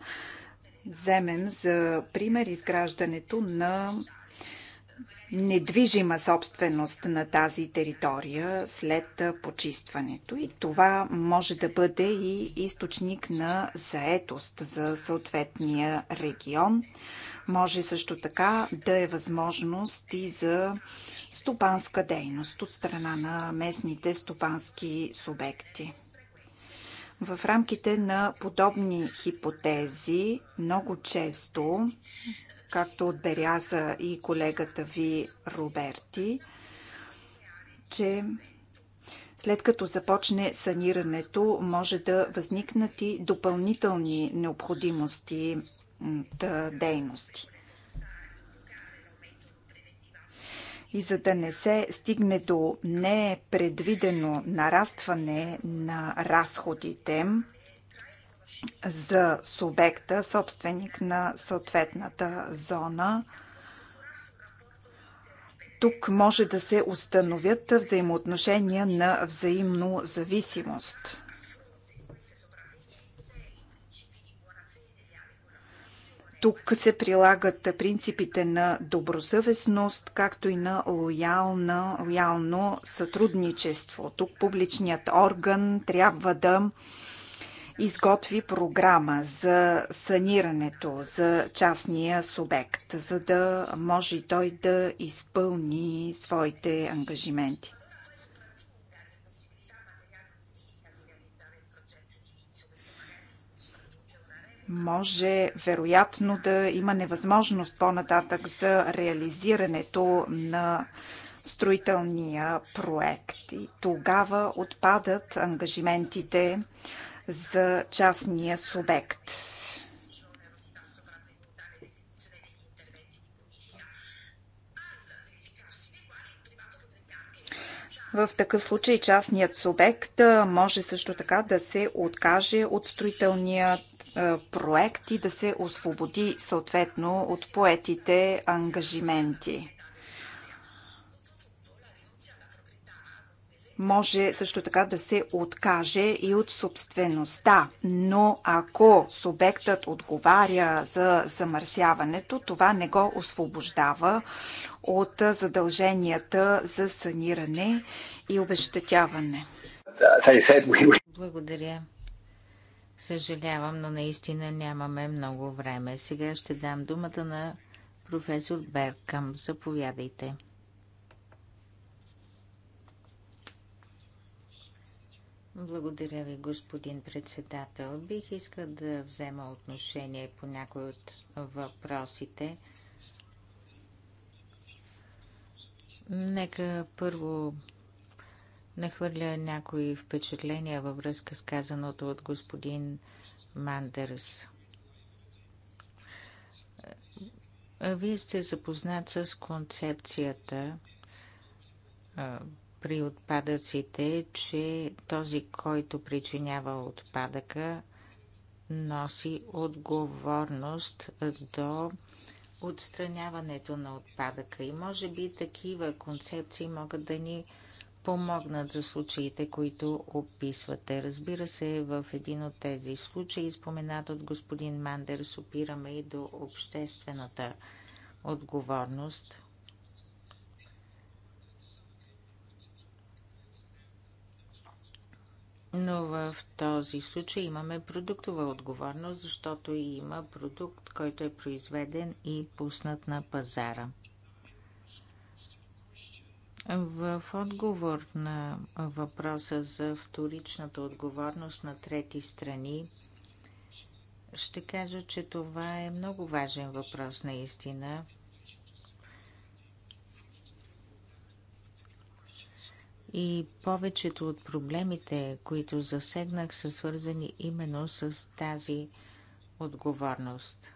вземем за пример изграждането на недвижима собственост на тази територия след почистването. И това може да бъде и източник на заетост за съответния регион. Може също така да е възможност и за стопанска дейност от страна на местните стопански субекти. В рамките на подобни хипотези много често както отбеляза и колегата ви Роберти, че след като започне санирането, може да възникнат и допълнителни необходимости от дейности. И за да не се стигне до непредвидено нарастване на разходите, за субекта, собственик на съответната зона. Тук може да се установят взаимоотношения на взаимно зависимост. Тук се прилагат принципите на добросъвестност, както и на лоялна, лоялно сътрудничество. Тук публичният орган трябва да изготви програма за санирането за частния субект, за да може той да изпълни своите ангажименти. може вероятно да има невъзможност по-нататък за реализирането на строителния проект. И тогава отпадат ангажиментите за частния субект. В такъв случай частният субект може също така да се откаже от строителният проект и да се освободи съответно от поетите ангажименти. Може също така да се откаже и от собствеността, но ако субектът отговаря за замърсяването, това не го освобождава от задълженията за саниране и обещатяване. Благодаря. Съжалявам, но наистина нямаме много време. Сега ще дам думата на професор Беркам. Заповядайте. Благодаря ви, господин председател. Бих искал да взема отношение по някои от въпросите. Нека първо нахвърля някои впечатления във връзка с казаното от господин Мандерс. Вие сте запознат с концепцията при отпадъците, че този, който причинява отпадъка, носи отговорност до отстраняването на отпадъка. И може би такива концепции могат да ни помогнат за случаите, които описвате. Разбира се, в един от тези случаи, споменат от господин Мандер, опираме и до обществената отговорност Но в този случай имаме продуктова отговорност, защото има продукт, който е произведен и пуснат на пазара. В отговор на въпроса за вторичната отговорност на трети страни, ще кажа, че това е много важен въпрос наистина – И повечето от проблемите, които засегнах, са свързани именно с тази отговорност.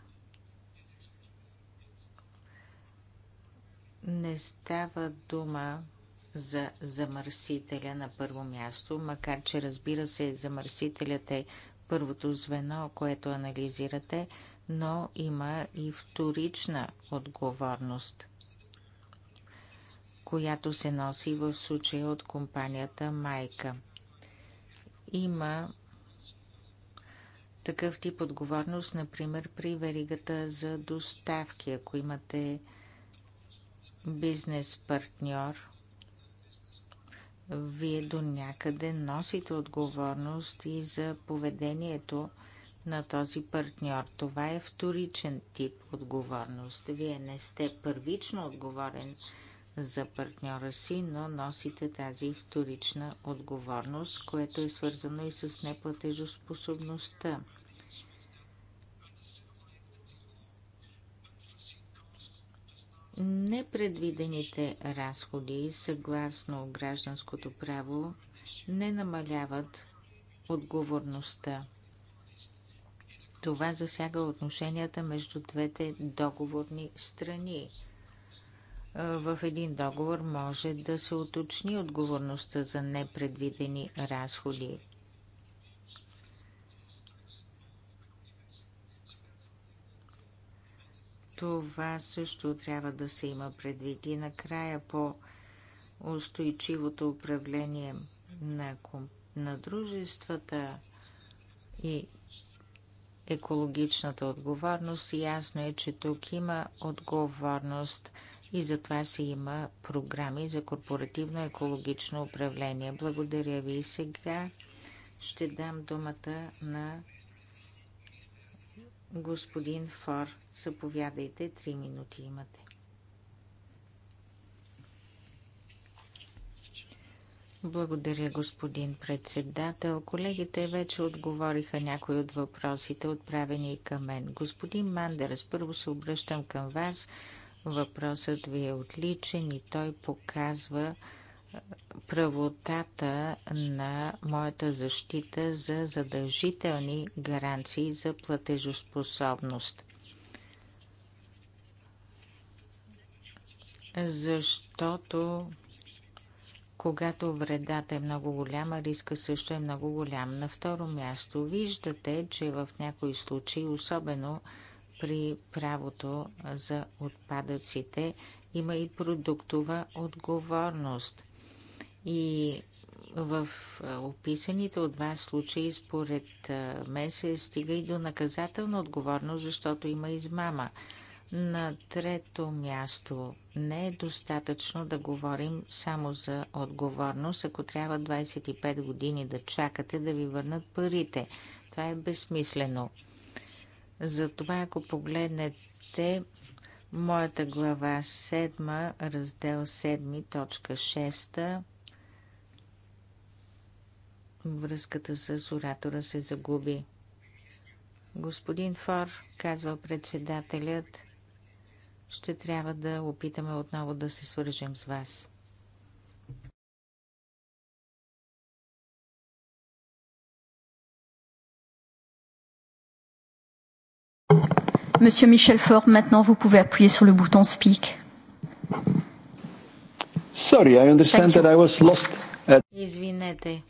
Не става дума за замърсителя на първо място, макар че разбира се, замърсителят е първото звено, което анализирате, но има и вторична отговорност – която се носи в случая от компанията Майка. Има такъв тип отговорност, например, при веригата за доставки. Ако имате бизнес партньор, вие до някъде носите отговорност и за поведението на този партньор. Това е вторичен тип отговорност. Вие не сте първично отговорен за партньора си, но носите тази вторична отговорност, което е свързано и с неплатежоспособността. Непредвидените разходи съгласно гражданското право не намаляват отговорността. Това засяга отношенията между двете договорни страни в един договор може да се уточни отговорността за непредвидени разходи. Това също трябва да се има предвид. И накрая по устойчивото управление на, на дружествата и екологичната отговорност. Ясно е, че тук има отговорност – и затова си има програми за корпоративно екологично управление. Благодаря ви и сега ще дам думата на господин Фор. Заповядайте, три минути имате. Благодаря, господин председател. Колегите вече отговориха някои от въпросите, отправени към мен. Господин Мандерс, първо се обръщам към вас – Въпросът ви е отличен и той показва правотата на моята защита за задължителни гаранции за платежоспособност. Защото когато вредата е много голяма, риска също е много голям. На второ място виждате, че в някои случаи, особено при правото за отпадъците има и продуктова отговорност. И в описаните от вас случаи, според мен, се стига и до наказателна отговорност, защото има измама. На трето място не е достатъчно да говорим само за отговорност, ако трябва 25 години да чакате да ви върнат парите. Това е безсмислено. Затова, ако погледнете моята глава 7, раздел 7, точка 6, връзката с оратора се загуби. Господин Фор, казва председателят, ще трябва да опитаме отново да се свържем с вас. Monsieur Michel Fort, maintenant vous pouvez appuyer sur le bouton Speak. Sorry, I understand that I was lost. At... Извинете.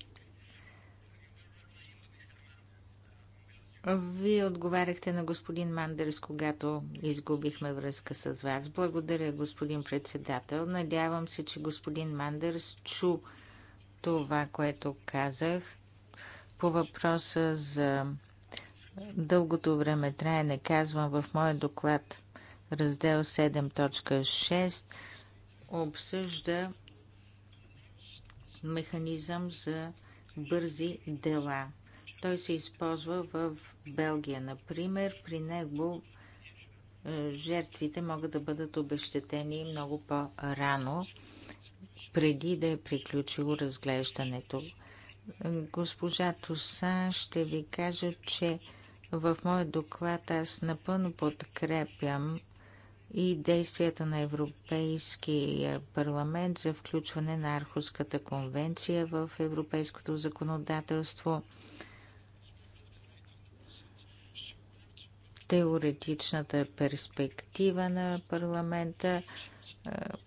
Вие отговаряхте на господин Мандерс, когато изгубихме връзка с вас. Благодаря, господин председател. Надявам се, че господин Мандерс чу това, което казах по въпроса за Дългото време трае, не казвам в моя доклад, раздел 7.6 обсъжда механизъм за бързи дела. Той се използва в Белгия, например. При него е, жертвите могат да бъдат обещетени много по-рано, преди да е приключило разглеждането. Госпожа Тоса ще ви кажа, че в моят доклад аз напълно подкрепям и действията на Европейския парламент за включване на Архуската конвенция в европейското законодателство. Теоретичната перспектива на парламента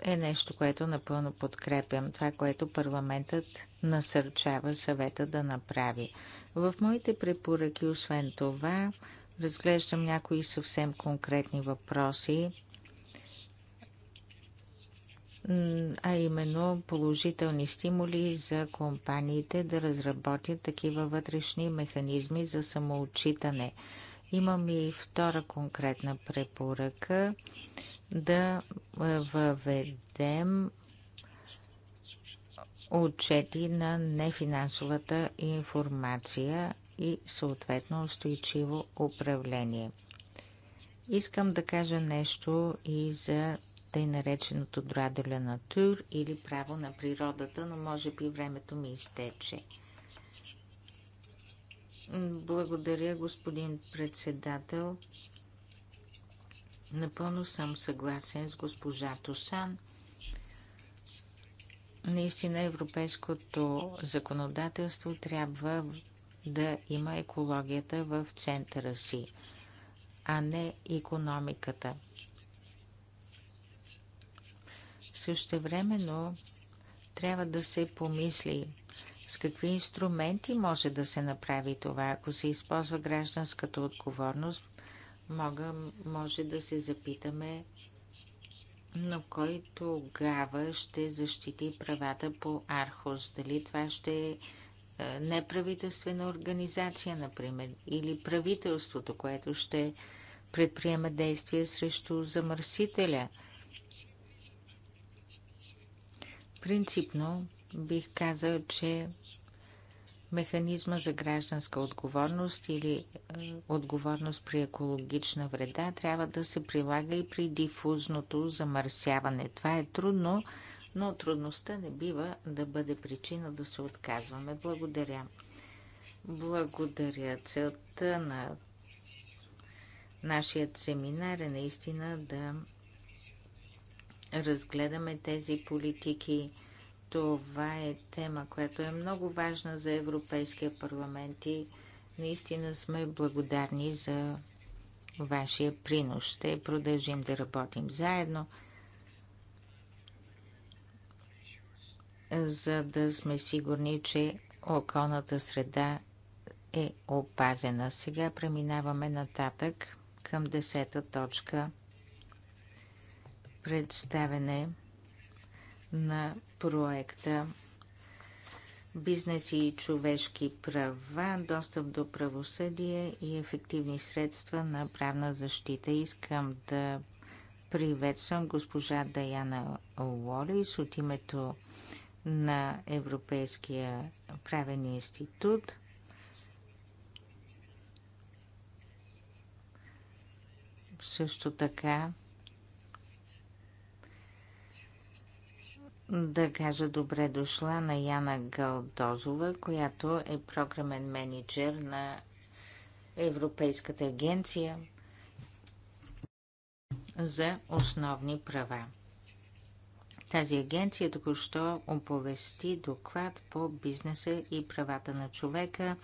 е, е нещо, което напълно подкрепям. Това, което парламентът насърчава съвета да направи. В моите препоръки, освен това, разглеждам някои съвсем конкретни въпроси, а именно положителни стимули за компаниите да разработят такива вътрешни механизми за самоочитане. Имам и втора конкретна препоръка да въведем отчети на нефинансовата информация и съответно устойчиво управление. Искам да кажа нещо и за тъй нареченото драделя на тур или право на природата, но може би времето ми изтече. Благодаря, господин председател. Напълно съм съгласен с госпожа Тосан – Наистина европейското законодателство трябва да има екологията в центъра си, а не економиката. Същевременно трябва да се помисли с какви инструменти може да се направи това. Ако се използва гражданската отговорност, мога, може да се запитаме но кой тогава ще защити правата по Архос? Дали това ще е неправителствена организация, например, или правителството, което ще предприема действия срещу замърсителя? Принципно бих казал, че Механизма за гражданска отговорност или е, отговорност при екологична вреда трябва да се прилага и при дифузното замърсяване. Това е трудно, но трудността не бива да бъде причина да се отказваме. Благодаря. Благодаря. Целта на нашият семинар е наистина да разгледаме тези политики, това е тема, която е много важна за Европейския парламент и наистина сме благодарни за вашия принос. Ще продължим да работим заедно, за да сме сигурни, че околната среда е опазена. Сега преминаваме нататък към десета точка. Представене на проекта Бизнес и човешки права, достъп до правосъдие и ефективни средства на правна защита. Искам да приветствам госпожа Даяна Уолис от името на Европейския правен институт. Също така да кажа добре дошла на Яна Галдозова, която е програмен менеджер на Европейската агенция за основни права. Тази агенция току-що оповести доклад по бизнеса и правата на човека,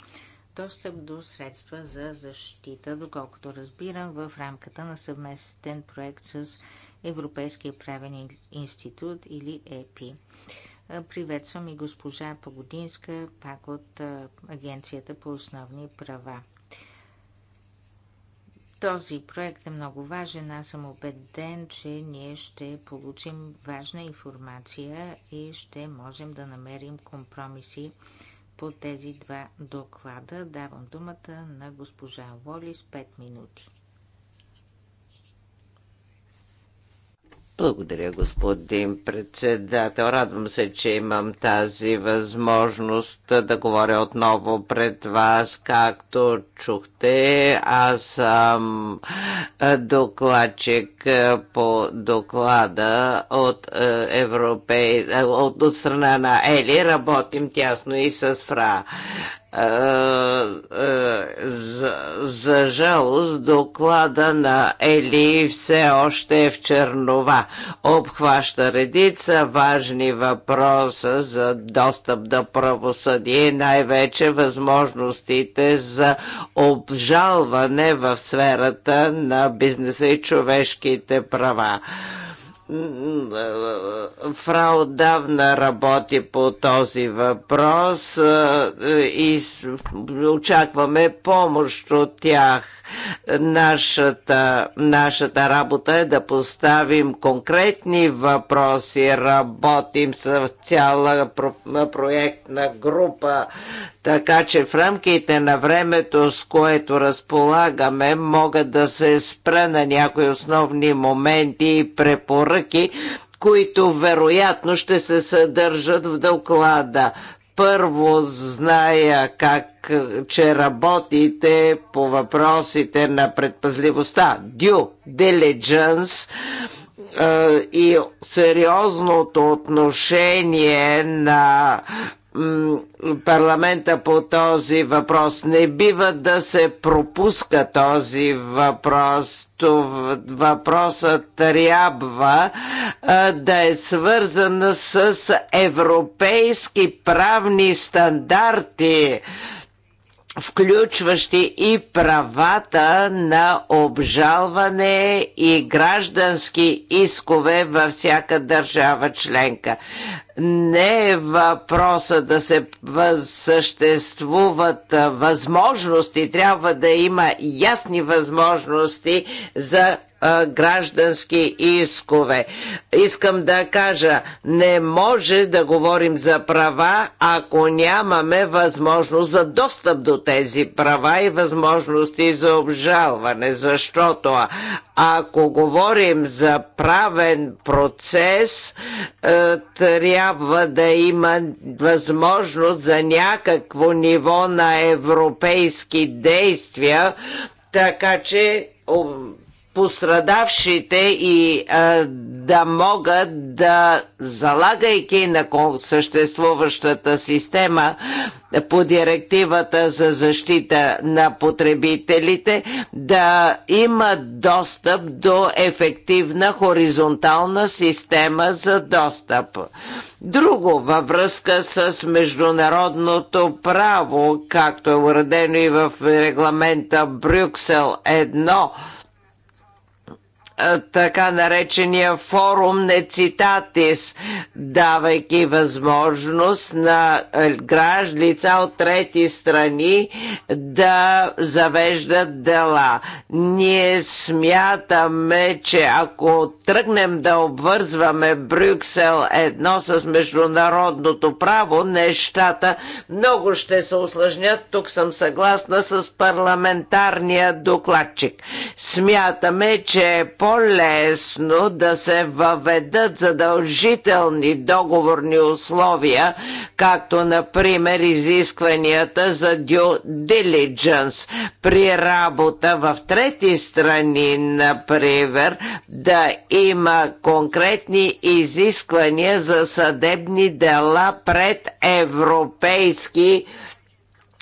достъп до средства за защита, доколкото разбирам, в рамката на съвместен проект с Европейския правен институт или ЕПИ. Приветствам и госпожа Погодинска, пак от Агенцията по основни права. Този проект е много важен. Аз съм убеден, че ние ще получим важна информация и ще можем да намерим компромиси по тези два доклада. Давам думата на госпожа Волис 5 минути. Благодаря, господин председател. Радвам се, че имам тази възможност да говоря отново пред вас. Както чухте, аз съм докладчик по доклада от, е, Европей... Е, от, страна на Ели. Работим тясно и с ФРА за, за жалост доклада на Ели все още е в чернова. Обхваща редица важни въпроса за достъп до правосъдие най-вече възможностите за обжалване в сферата на бизнеса и човешките права. Фра отдавна работи по този въпрос и очакваме помощ от тях. Нашата, нашата работа е да поставим конкретни въпроси. Работим с цяла проектна група, така че в рамките на времето, с което разполагаме, мога да се спра на някои основни моменти и препоръки, които вероятно ще се съдържат в доклада първо зная как, че работите по въпросите на предпазливостта, due diligence и сериозното отношение на парламента по този въпрос. Не бива да се пропуска този въпрос. Въпросът трябва да е свързан с европейски правни стандарти включващи и правата на обжалване и граждански искове във всяка държава членка. Не е въпроса да се съществуват възможности, трябва да има ясни възможности за граждански искове. Искам да кажа, не може да говорим за права, ако нямаме възможност за достъп до тези права и възможности за обжалване, защото ако говорим за правен процес, е, трябва да има възможност за някакво ниво на европейски действия, така че пострадавшите и а, да могат да, залагайки на съществуващата система по директивата за защита на потребителите, да имат достъп до ефективна хоризонтална система за достъп. Друго във връзка с международното право, както е уредено и в регламента Брюксел 1, така наречения форум Нецитатис, давайки възможност на граждан, лица от трети страни да завеждат дела. Ние смятаме, че ако тръгнем да обвързваме Брюксел едно с международното право, нещата много ще се осложнят. Тук съм съгласна с парламентарния докладчик. Смятаме, че е по по-лесно да се въведат задължителни договорни условия, както например изискванията за due diligence при работа в трети страни, например, да има конкретни изисквания за съдебни дела пред европейски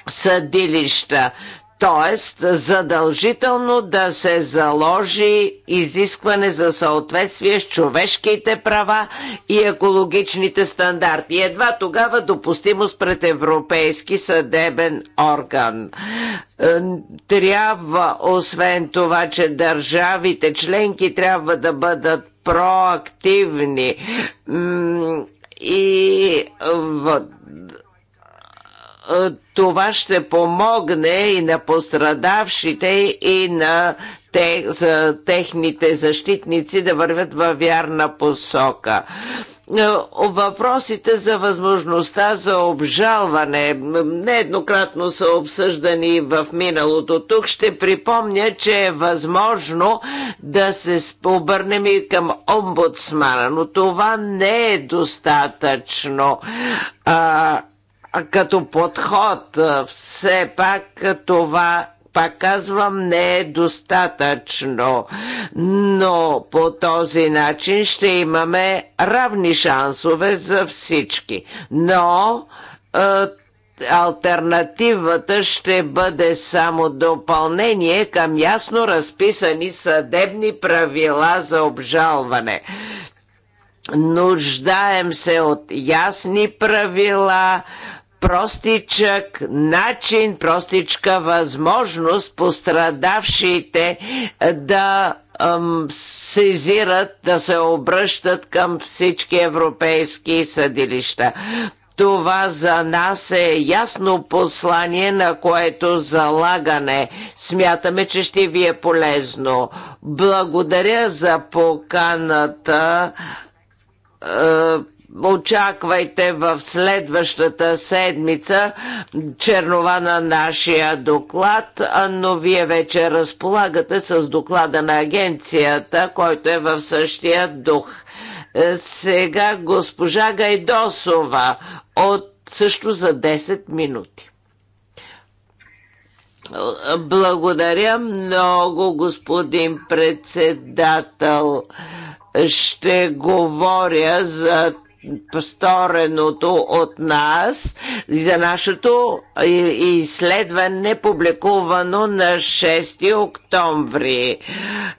съдилища. Т.е. задължително да се заложи изискване за съответствие с човешките права и екологичните стандарти. Едва тогава допустимост пред Европейски съдебен орган. Е, трябва, освен това, че държавите членки трябва да бъдат проактивни и е, това ще помогне и на пострадавшите, и на те, за техните защитници да вървят във вярна посока. Е, въпросите за възможността за обжалване нееднократно са обсъждани в миналото. Тук ще припомня, че е възможно да се обърнем и към омбудсмана, но това не е достатъчно. А, като подход. Все пак това пак казвам, не е достатъчно. Но по този начин ще имаме равни шансове за всички. Но е, Альтернативата ще бъде само допълнение към ясно разписани съдебни правила за обжалване. Нуждаем се от ясни правила, простичък начин, простичка възможност пострадавшите да сезират, да се обръщат към всички европейски съдилища. Това за нас е ясно послание, на което залагане. Смятаме, че ще ви е полезно. Благодаря за поканата очаквайте в следващата седмица чернова на нашия доклад, но вие вече разполагате с доклада на агенцията, който е в същия дух. Е, сега госпожа Гайдосова от също за 10 минути. Благодаря много, господин председател ще говоря за стореното от нас за нашето изследване, публикувано на 6 октомври.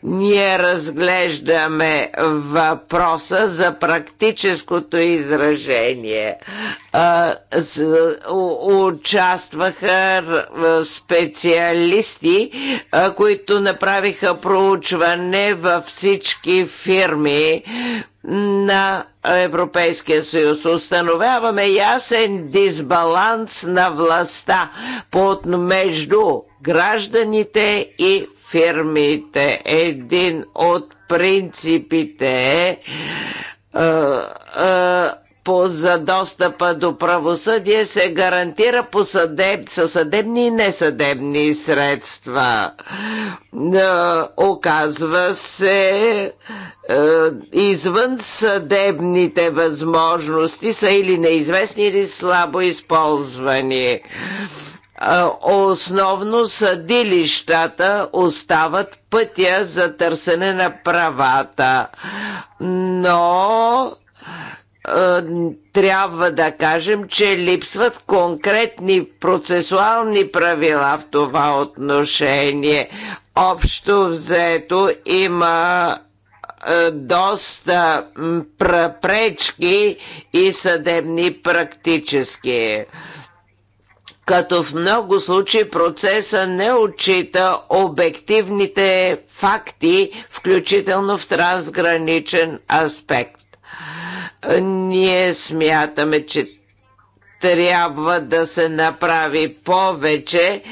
Ние разглеждаме въпроса за практическото изражение. Участваха специалисти, които направиха проучване във всички фирми на Европейския съюз. Установяваме ясен дисбаланс на властта под между гражданите и фирмите. Един от принципите е, е, е по, за достъпа до правосъдие се гарантира по съдеб, със съдебни и несъдебни средства. Е, оказва се е, извън съдебните възможности са или неизвестни, или слабо използвани. Е, основно съдилищата остават пътя за търсене на правата, но е, трябва да кажем, че липсват конкретни процесуални правила в това отношение. Общо взето има е, доста пречки и съдебни практически като в много случаи процеса не отчита обективните факти, включително в трансграничен аспект. Ние смятаме, че трябва да се направи повече,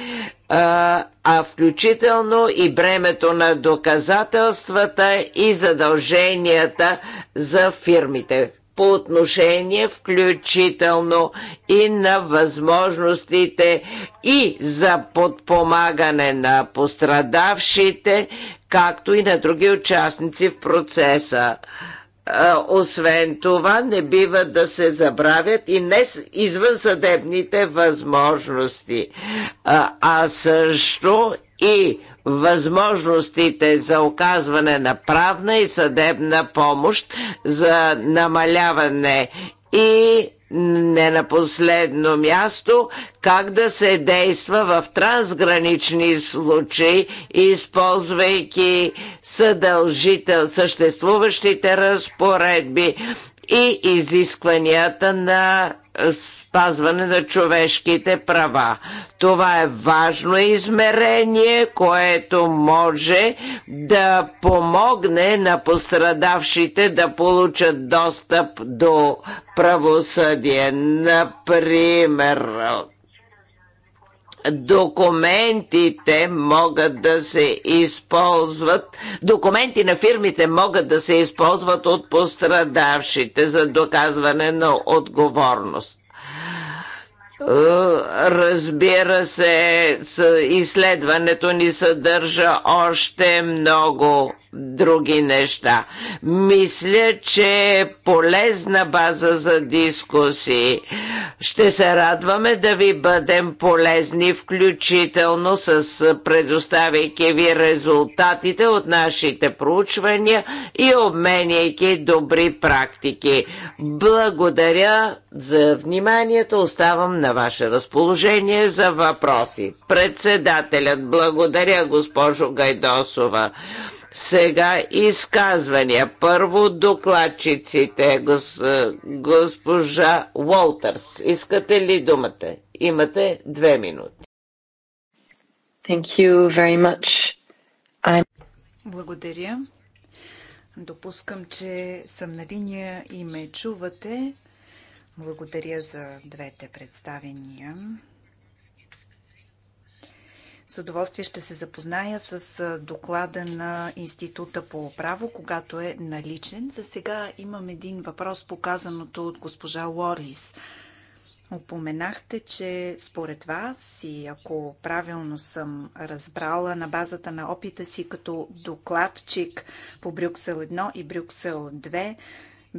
а, а включително и бремето на доказателствата и задълженията за фирмите по отношение включително и на възможностите и за подпомагане на пострадавшите, както и на други участници в процеса. Освен това, не бива да се забравят и не извън съдебните възможности, а също и възможностите за оказване на правна и съдебна помощ за намаляване и не на последно място, как да се действа в трансгранични случаи, използвайки съдължител съществуващите разпоредби и изискванията на спазване на човешките права. Това е важно измерение, което може да помогне на пострадавшите да получат достъп до правосъдие. Например, документите могат да се използват, документи на фирмите могат да се използват от пострадавшите за доказване на отговорност. Разбира се, изследването ни съдържа още много други неща. Мисля, че е полезна база за дискусии. Ще се радваме да ви бъдем полезни, включително с предоставяйки ви резултатите от нашите проучвания и обменяйки добри практики. Благодаря за вниманието. Оставам на ваше разположение за въпроси. Председателят, благодаря госпожо Гайдосова. Сега изказвания. Първо докладчиците, гос, е, госпожа Уолтърс. Искате ли думата? Имате две минути. Thank you very much. I'm... Благодаря. Допускам, че съм на линия и ме чувате. Благодаря за двете представения. С удоволствие ще се запозная с доклада на Института по право, когато е наличен. За сега имам един въпрос, показаното от госпожа Лорис. Опоменахте, че според вас и ако правилно съм разбрала на базата на опита си като докладчик по Брюксел 1 и Брюксел 2,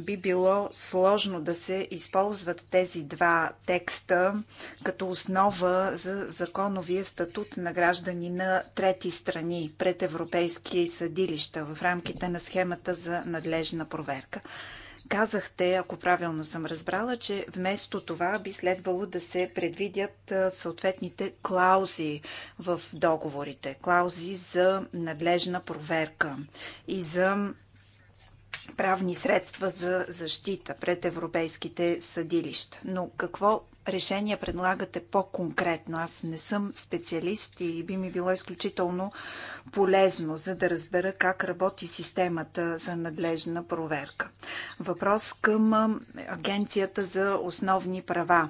би било сложно да се използват тези два текста като основа за законовия статут на граждани на трети страни пред европейски съдилища в рамките на схемата за надлежна проверка. Казахте, ако правилно съм разбрала, че вместо това би следвало да се предвидят съответните клаузи в договорите. Клаузи за надлежна проверка и за правни средства за защита пред европейските съдилища. Но какво решение предлагате по-конкретно? Аз не съм специалист и би ми било изключително полезно, за да разбера как работи системата за надлежна проверка. Въпрос към Агенцията за основни права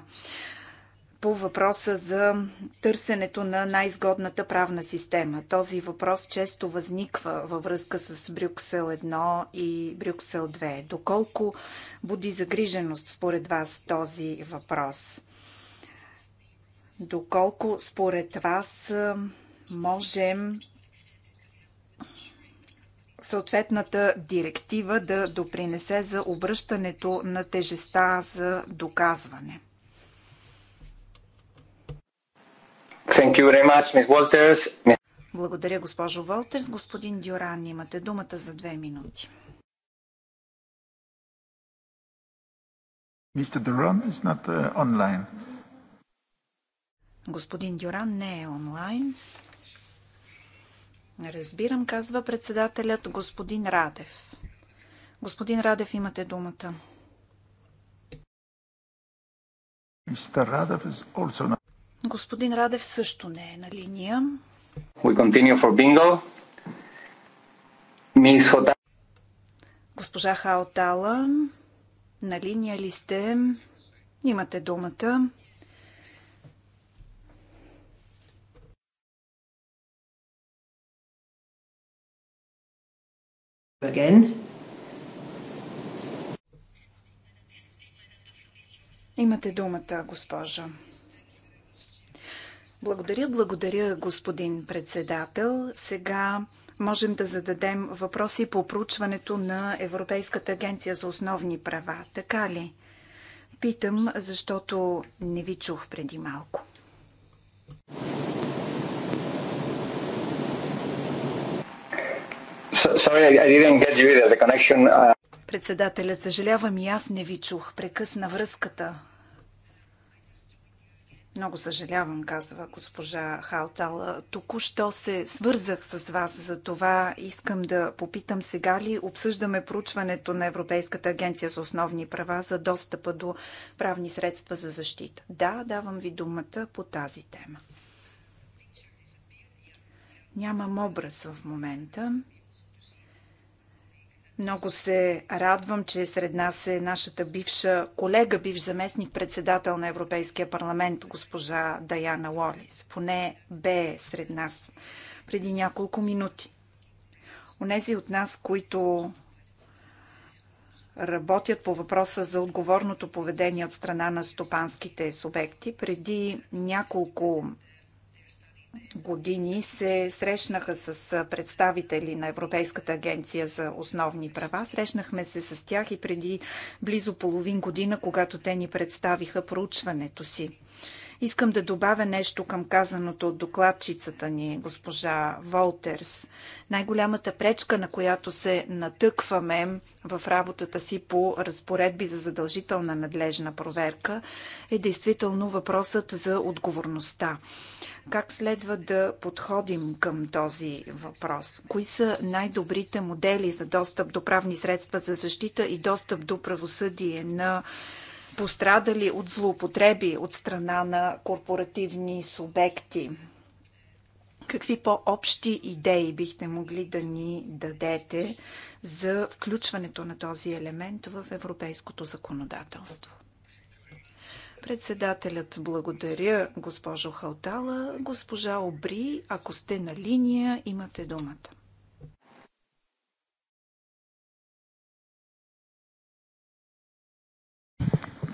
по въпроса за търсенето на най-изгодната правна система. Този въпрос често възниква във връзка с Брюксел 1 и Брюксел 2. Доколко буди загриженост според вас този въпрос? Доколко според вас можем съответната директива да допринесе за обръщането на тежеста за доказване? Thank you very much, Ms. Walters. Благодаря, госпожо Волтерс. Господин Дюран, имате думата за две минути. is not uh, online. Господин Дюран не е онлайн. Разбирам, казва председателят господин Радев. Господин Радев, имате думата. Мистер Радев is also not Господин Радев също не е на линия. We continue for bingo. Miss Хотала. Госпожа Хаотала, на линия ли сте? Имате думата. Again. Имате думата, госпожа. Благодаря, благодаря, господин председател. Сега можем да зададем въпроси по проучването на Европейската агенция за основни права. Така ли? Питам, защото не ви чух преди малко. Председателя, uh Председателят, съжалявам и аз не ви чух. Прекъсна връзката. Много съжалявам, казва госпожа Хаутал. Току-що се свързах с вас, за това искам да попитам сега ли обсъждаме проучването на Европейската агенция за основни права за достъпа до правни средства за защита. Да, давам ви думата по тази тема. Нямам образ в момента. Много се радвам, че сред нас е нашата бивша колега, бивш заместник председател на Европейския парламент, госпожа Даяна Лолис. Поне бе сред нас преди няколко минути. Онези от нас, които работят по въпроса за отговорното поведение от страна на стопанските субекти. Преди няколко години се срещнаха с представители на Европейската агенция за основни права. Срещнахме се с тях и преди близо половин година, когато те ни представиха проучването си. Искам да добавя нещо към казаното от докладчицата ни, госпожа Волтерс. Най-голямата пречка, на която се натъкваме в работата си по разпоредби за задължителна надлежна проверка, е действително въпросът за отговорността. Как следва да подходим към този въпрос? Кои са най-добрите модели за достъп до правни средства за защита и достъп до правосъдие на пострадали от злоупотреби от страна на корпоративни субекти. Какви по-общи идеи бихте могли да ни дадете за включването на този елемент в европейското законодателство? Председателят благодаря, госпожо Халтала. Госпожа Обри, ако сте на линия, имате думата.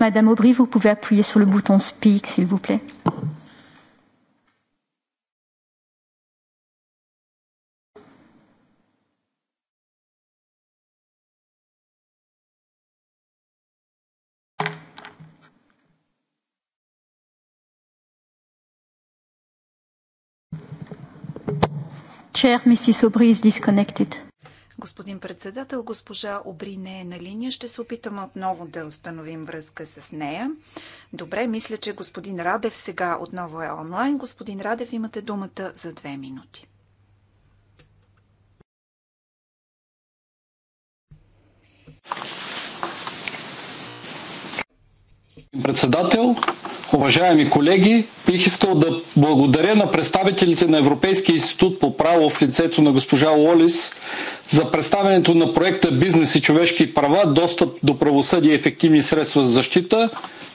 Madame Aubry, vous pouvez appuyer sur le bouton Speak, s'il vous plaît. Chair Mrs. Aubry is disconnected. Господин председател, госпожа Обри не е на линия. Ще се опитам отново да установим връзка с нея. Добре, мисля, че господин Радев сега отново е онлайн. Господин Радев, имате думата за две минути. Председател, уважаеми колеги, бих искал да благодаря на представителите на Европейския институт по право в лицето на госпожа Лолис за представянето на проекта Бизнес и човешки права, достъп до правосъдие и ефективни средства за защита.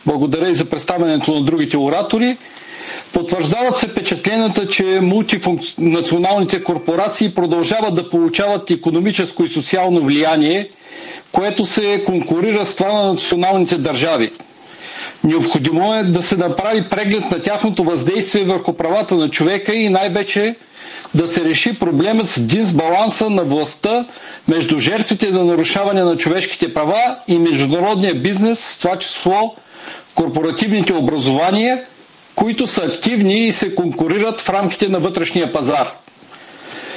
Благодаря и за представянето на другите оратори. Потвърждават се впечатленията, че мултинационалните корпорации продължават да получават економическо и социално влияние, което се конкурира с това на националните държави – Необходимо е да се направи преглед на тяхното въздействие върху правата на човека и най-вече да се реши проблемът с дисбаланса на властта между жертвите на нарушаване на човешките права и международния бизнес, в това число корпоративните образования, които са активни и се конкурират в рамките на вътрешния пазар.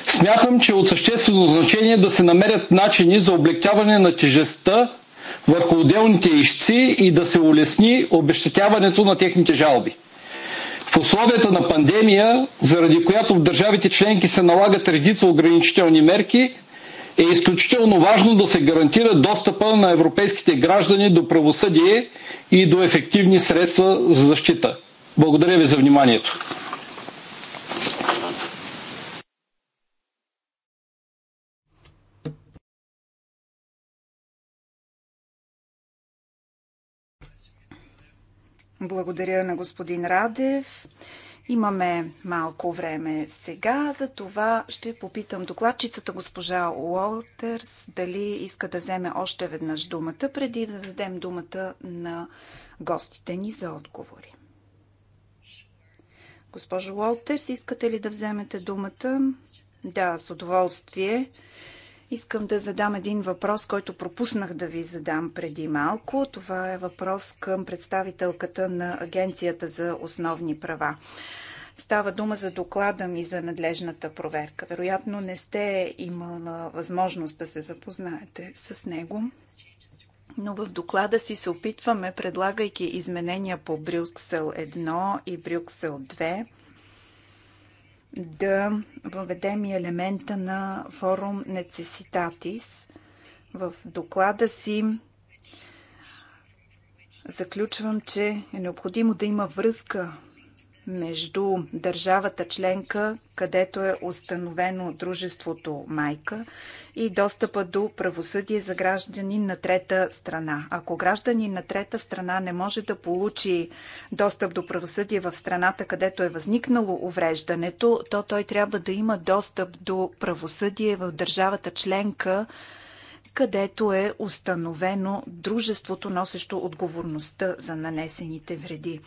Смятам, че от съществено значение да се намерят начини за облегчаване на тежестта върху отделните ищци и да се улесни обещетяването на техните жалби. В условията на пандемия, заради която в държавите членки се налагат редица ограничителни мерки, е изключително важно да се гарантира достъпа на европейските граждани до правосъдие и до ефективни средства за защита. Благодаря ви за вниманието. Благодаря на господин Радев. Имаме малко време сега, за това ще попитам докладчицата госпожа Уолтерс дали иска да вземе още веднъж думата, преди да дадем думата на гостите ни за отговори. Госпожо Уолтерс, искате ли да вземете думата? Да, с удоволствие. Искам да задам един въпрос, който пропуснах да ви задам преди малко. Това е въпрос към представителката на Агенцията за основни права. Става дума за доклада ми за надлежната проверка. Вероятно не сте имала възможност да се запознаете с него. Но в доклада си се опитваме, предлагайки изменения по Брюксел 1 и Брюксел 2, да въведем и елемента на форум Necessitatis. В доклада си заключвам, че е необходимо да има връзка между държавата членка, където е установено дружеството майка и достъпа до правосъдие за гражданин на трета страна. Ако гражданин на трета страна не може да получи достъп до правосъдие в страната, където е възникнало увреждането, то той трябва да има достъп до правосъдие в държавата членка, където е установено дружеството, носещо отговорността за нанесените вреди.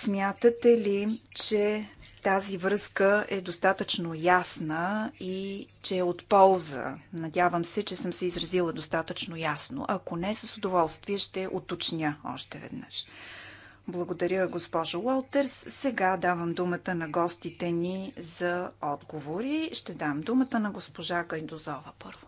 Смятате ли, че тази връзка е достатъчно ясна и че е от полза? Надявам се, че съм се изразила достатъчно ясно. Ако не, с удоволствие ще уточня още веднъж. Благодаря, госпожо Уолтерс. Сега давам думата на гостите ни за отговори. Ще дам думата на госпожа Гайдозова първо.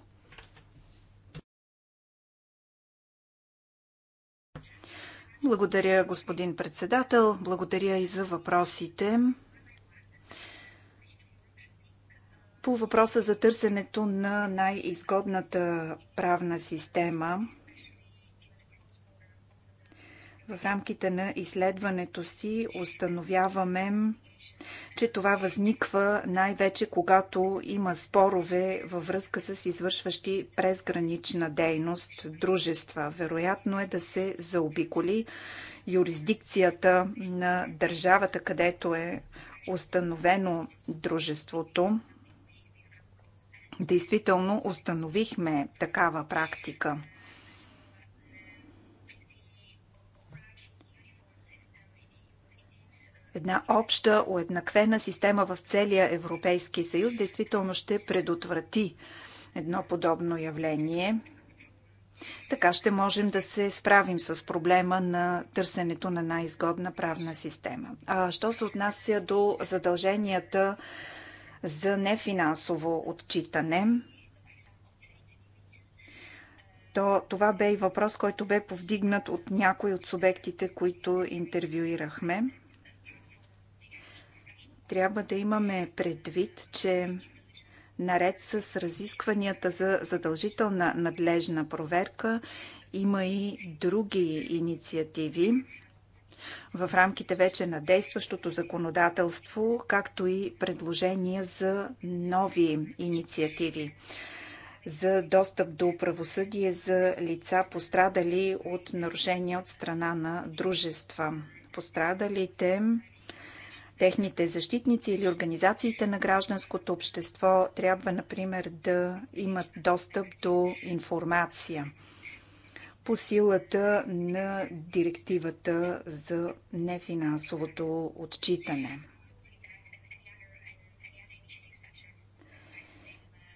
Благодаря, господин председател. Благодаря и за въпросите. По въпроса за търсенето на най-изгодната правна система, в рамките на изследването си установяваме че това възниква най-вече когато има спорове във връзка с извършващи презгранична дейност дружества. Вероятно е да се заобиколи юрисдикцията на държавата, където е установено дружеството. Действително установихме такава практика – една обща, уеднаквена система в целия Европейски съюз действително ще предотврати едно подобно явление. Така ще можем да се справим с проблема на търсенето на най-изгодна правна система. А що се отнася до задълженията за нефинансово отчитане, то това бе и въпрос, който бе повдигнат от някои от субектите, които интервюирахме трябва да имаме предвид, че наред с разискванията за задължителна надлежна проверка има и други инициативи в рамките вече на действащото законодателство, както и предложения за нови инициативи за достъп до правосъдие за лица пострадали от нарушения от страна на дружества. Пострадалите Техните защитници или организациите на гражданското общество трябва, например, да имат достъп до информация по силата на директивата за нефинансовото отчитане.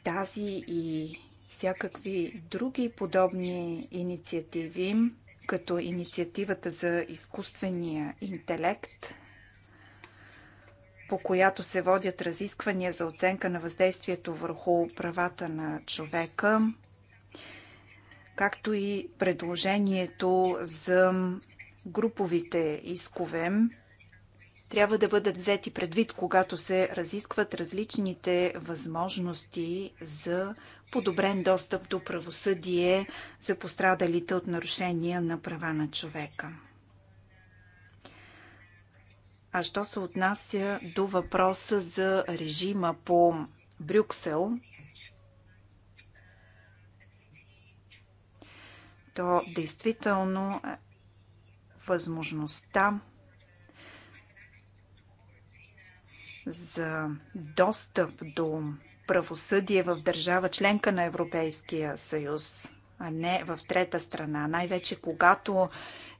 Тази и всякакви други подобни инициативи, като инициативата за изкуствения интелект, по която се водят разисквания за оценка на въздействието върху правата на човека, както и предложението за груповите искове, трябва да бъдат взети предвид, когато се разискват различните възможности за подобрен достъп до правосъдие за пострадалите от нарушения на права на човека. А що се отнася до въпроса за режима по Брюксел, то действително е, възможността за достъп до правосъдие в държава членка на Европейския съюз а не в трета страна. Най-вече когато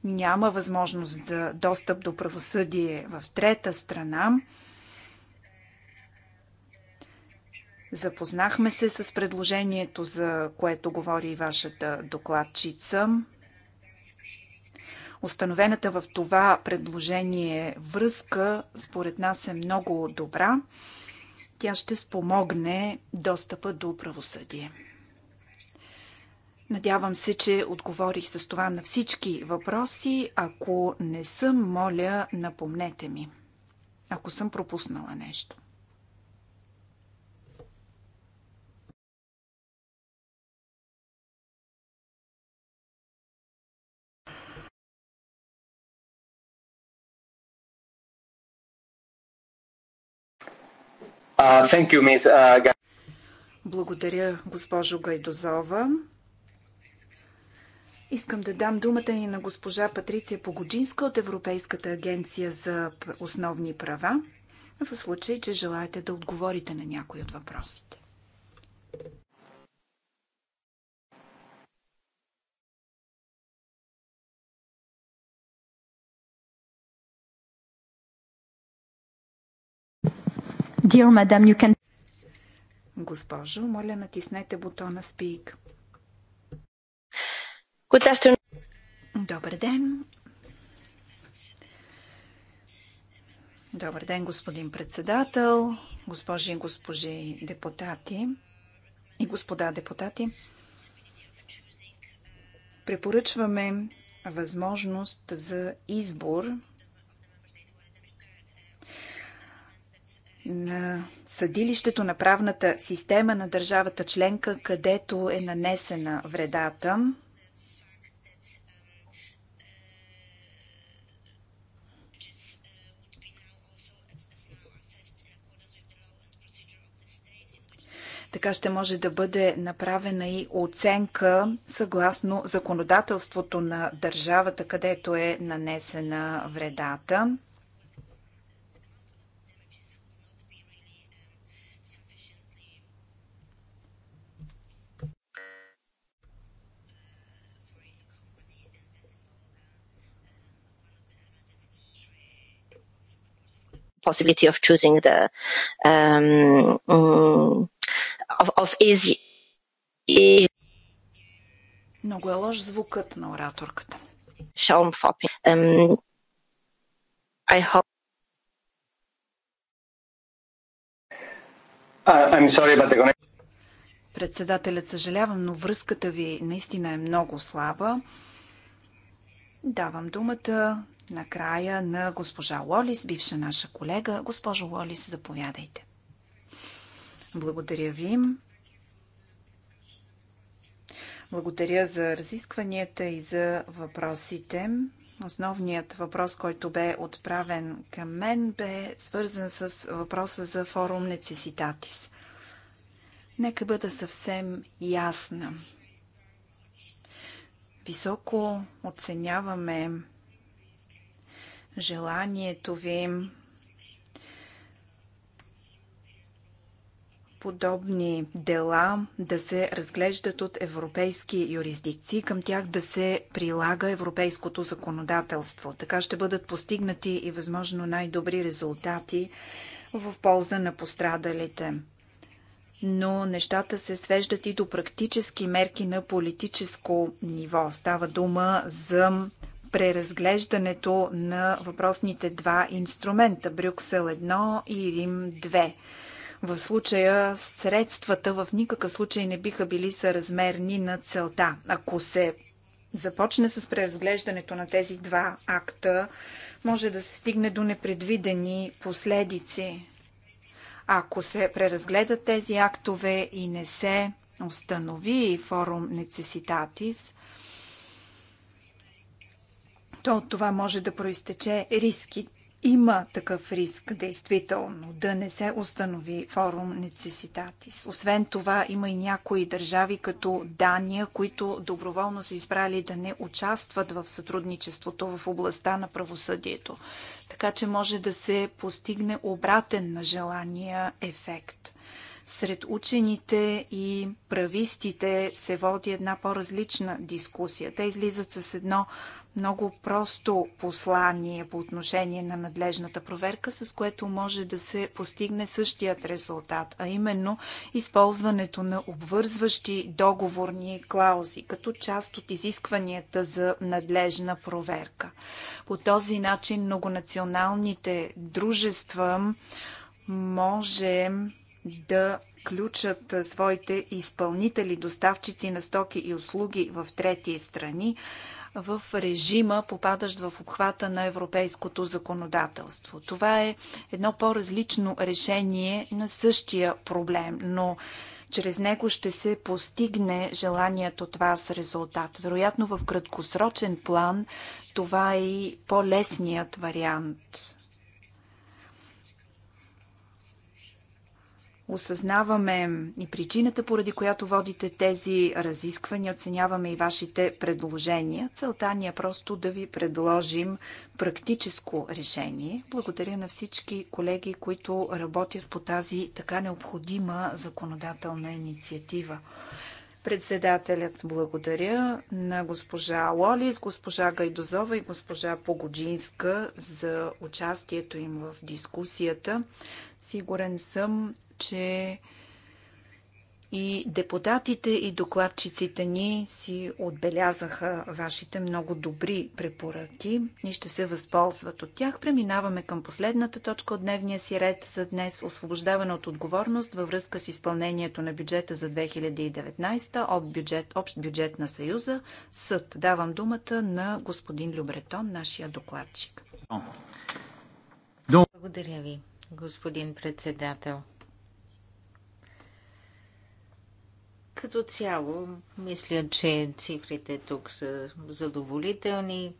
няма възможност за достъп до правосъдие в трета страна, Запознахме се с предложението, за което говори и вашата докладчица. Установената в това предложение връзка, според нас, е много добра. Тя ще спомогне достъпа до правосъдие. Надявам се, че отговорих с това на всички въпроси. Ако не съм, моля, напомнете ми. Ако съм пропуснала нещо. Uh, you, uh... Благодаря, госпожо Гайдозова. Искам да дам думата и на госпожа Патриция Погоджинска от Европейската агенция за основни права, в случай, че желаете да отговорите на някои от въпросите. Dear madam, you can... Госпожо, моля натиснете бутона Speak. Good afternoon. Добър ден. Добър ден, господин председател, госпожи и госпожи депутати и господа депутати. Препоръчваме възможност за избор на съдилището на правната система на държавата членка, където е нанесена вредата. Така ще може да бъде направена и оценка съгласно законодателството на държавата, където е нанесена вредата. possibility of choosing the um, um, of, of is, is... Много е лош звукът на ораторката. Фопи. Um, I hope Uh, I'm sorry about the Председателят съжалявам, но връзката ви наистина е много слаба. Давам думата накрая на госпожа Лолис, бивша наша колега. Госпожо Лолис, заповядайте. Благодаря ви. Благодаря за разискванията и за въпросите. Основният въпрос, който бе отправен към мен, бе свързан с въпроса за форум Нецеситатис. Нека бъда съвсем ясна. Високо оценяваме желанието ви подобни дела да се разглеждат от европейски юрисдикции, към тях да се прилага европейското законодателство. Така ще бъдат постигнати и възможно най-добри резултати в полза на пострадалите. Но нещата се свеждат и до практически мерки на политическо ниво. Става дума за преразглеждането на въпросните два инструмента Брюксел 1 и Рим 2 в случая средствата в никакъв случай не биха били съразмерни на целта. Ако се започне с преразглеждането на тези два акта, може да се стигне до непредвидени последици. Ако се преразгледат тези актове и не се установи форум necessitatis, то от това може да проистече риски има такъв риск, действително, да не се установи форум Нецеситатис. Освен това, има и някои държави, като Дания, които доброволно са избрали да не участват в сътрудничеството в областта на правосъдието. Така че може да се постигне обратен на желания ефект. Сред учените и правистите се води една по-различна дискусия. Те излизат с едно много просто послание по отношение на надлежната проверка, с което може да се постигне същият резултат, а именно използването на обвързващи договорни клаузи, като част от изискванията за надлежна проверка. По този начин многонационалните дружества може да включат своите изпълнители, доставчици на стоки и услуги в трети страни в режима, попадащ в обхвата на европейското законодателство. Това е едно по-различно решение на същия проблем, но чрез него ще се постигне желаният от вас резултат. Вероятно в краткосрочен план това е и по-лесният вариант Осъзнаваме и причината, поради която водите тези разисквания, оценяваме и вашите предложения. Целта ни е просто да ви предложим практическо решение. Благодаря на всички колеги, които работят по тази така необходима законодателна инициатива. Председателят благодаря на госпожа Лолис, госпожа Гайдозова и госпожа Погоджинска за участието им в дискусията. Сигурен съм, че и депутатите и докладчиците ни си отбелязаха вашите много добри препоръки и ще се възползват от тях. Преминаваме към последната точка от дневния си ред за днес – освобождаване от отговорност във връзка с изпълнението на бюджета за 2019, об бюджет, общ бюджет на Съюза, съд. Давам думата на господин Любретон, нашия докладчик. Благодаря ви, господин председател. Като цяло, мисля, че цифрите тук са задоволителни.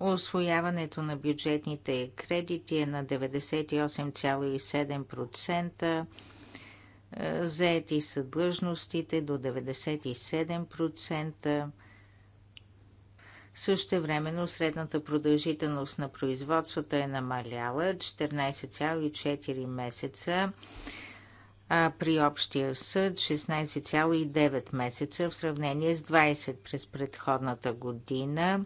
Освояването на бюджетните кредити е на 98,7%. Заети са длъжностите до 97%. времено средната продължителност на производствата е намаляла 14,4 месеца а при общия съд 16,9 месеца в сравнение с 20 през предходната година.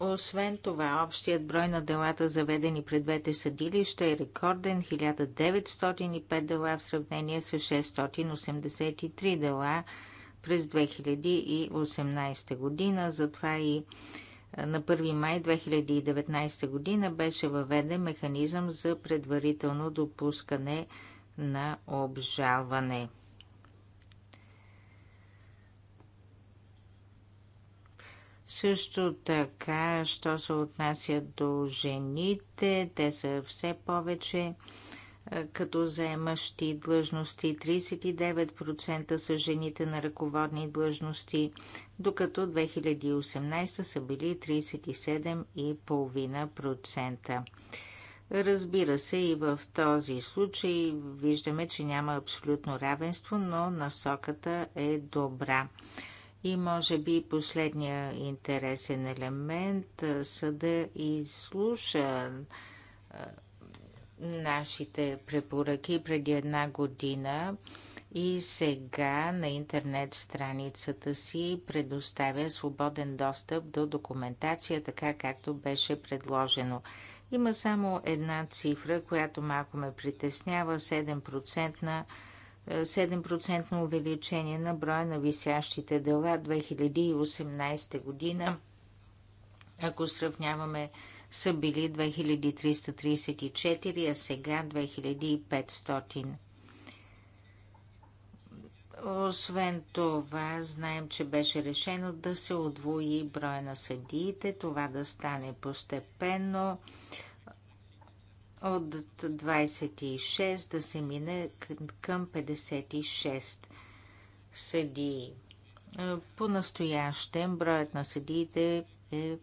Освен това, общият брой на делата, заведени пред двете съдилища, е рекорден 1905 дела в сравнение с 683 дела през 2018 година. Затова и на 1 май 2019 година беше въведен механизъм за предварително допускане на обжалване. Също така, що се отнася до жените, те са все повече като заемащи длъжности. 39% са жените на ръководни длъжности докато 2018 са били 37,5%. Разбира се, и в този случай виждаме, че няма абсолютно равенство, но насоката е добра. И може би последния интересен елемент са да изслуша нашите препоръки преди една година и сега на интернет страницата си предоставя свободен достъп до документация, така както беше предложено. Има само една цифра, която малко ме притеснява 7% на 7% е, увеличение на броя на висящите дела 2018 година. Ако сравняваме са били 2334, а сега 2500. Освен това, знаем, че беше решено да се отвои броя на съдиите, това да стане постепенно от 26 да се мине към 56 съдии. Е, по-настоящем броят на съдиите е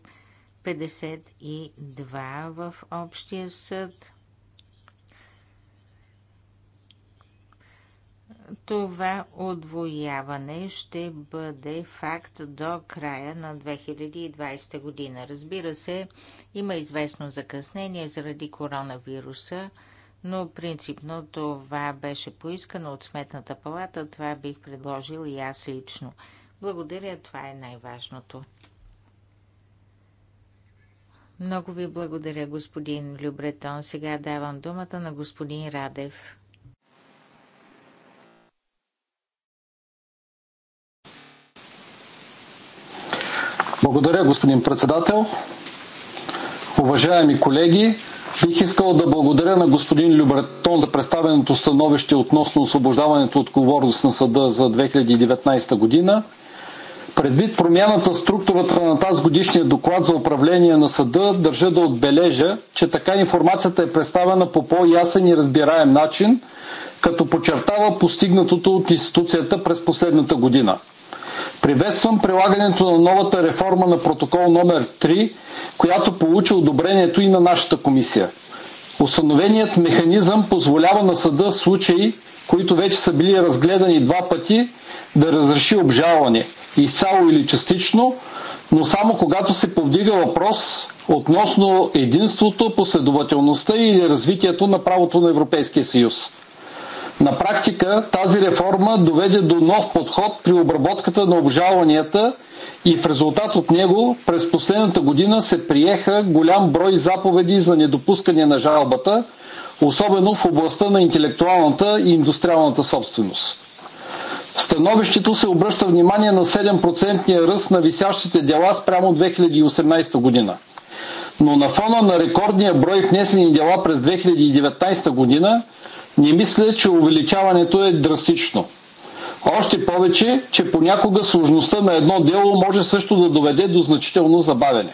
52 в общия съд. Това отвояване ще бъде факт до края на 2020 година. Разбира се, има известно закъснение заради коронавируса, но принципно това беше поискано от Сметната палата. Това бих предложил и аз лично. Благодаря, това е най-важното. Много ви благодаря, господин Любретон. Сега давам думата на господин Радев. Благодаря, господин председател. Уважаеми колеги, бих искал да благодаря на господин Любертон за представеното становище относно освобождаването от отговорност на съда за 2019 година. Предвид промяната в структурата на тази годишния доклад за управление на съда, държа да отбележа, че така информацията е представена по по-ясен и разбираем начин, като подчертава постигнатото от институцията през последната година – Приветствам прилагането на новата реформа на протокол номер 3, която получи одобрението и на нашата комисия. Установеният механизъм позволява на съда в случаи, които вече са били разгледани два пъти, да разреши обжалване, изцяло или частично, но само когато се повдига въпрос относно единството, последователността или развитието на правото на Европейския съюз. На практика тази реформа доведе до нов подход при обработката на обжалванията и в резултат от него през последната година се приеха голям брой заповеди за недопускане на жалбата, особено в областта на интелектуалната и индустриалната собственост. В становището се обръща внимание на 7% ръст на висящите дела спрямо 2018 година. Но на фона на рекордния брой внесени дела през 2019 година – не мисля, че увеличаването е драстично. Още повече, че понякога сложността на едно дело може също да доведе до значително забавене.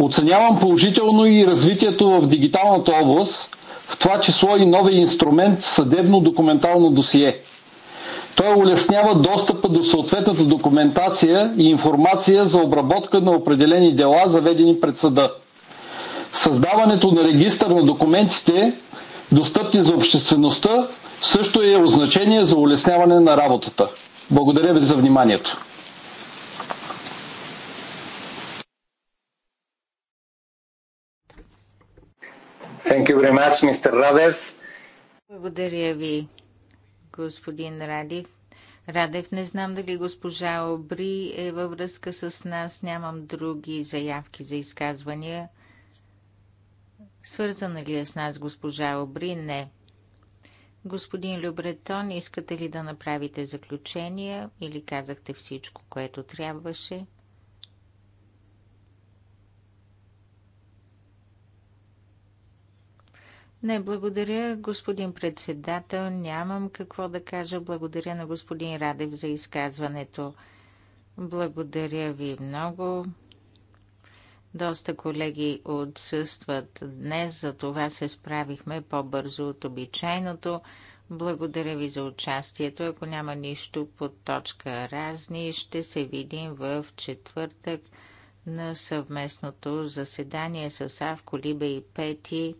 Оценявам положително и развитието в дигиталната област, в това число и новия инструмент съдебно-документално досие. Той улеснява достъпа до съответната документация и информация за обработка на определени дела, заведени пред съда. Създаването на регистър на документите достъпни за обществеността, също е означение за улесняване на работата. Благодаря ви за вниманието. Thank you very much, Mr. Радев. Благодаря ви, господин Радев. Радев, не знам дали госпожа Обри е във връзка с нас. Нямам други заявки за изказвания. Свързана ли е с нас госпожа Обри? Не. Господин Любретон, искате ли да направите заключения или казахте всичко, което трябваше? Не, благодаря, господин председател. Нямам какво да кажа. Благодаря на господин Радев за изказването. Благодаря ви много. Доста колеги отсъстват днес, за това се справихме по-бързо от обичайното. Благодаря ви за участието. Ако няма нищо под точка разни, ще се видим в четвъртък на съвместното заседание с Авко, Либе и Пети.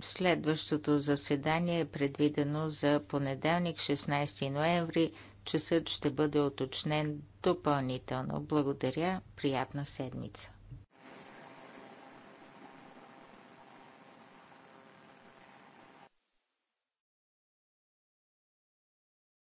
Следващото заседание е предвидено за понеделник, 16 ноември Часът ще бъде уточнен допълнително. Благодаря. Приятна седмица.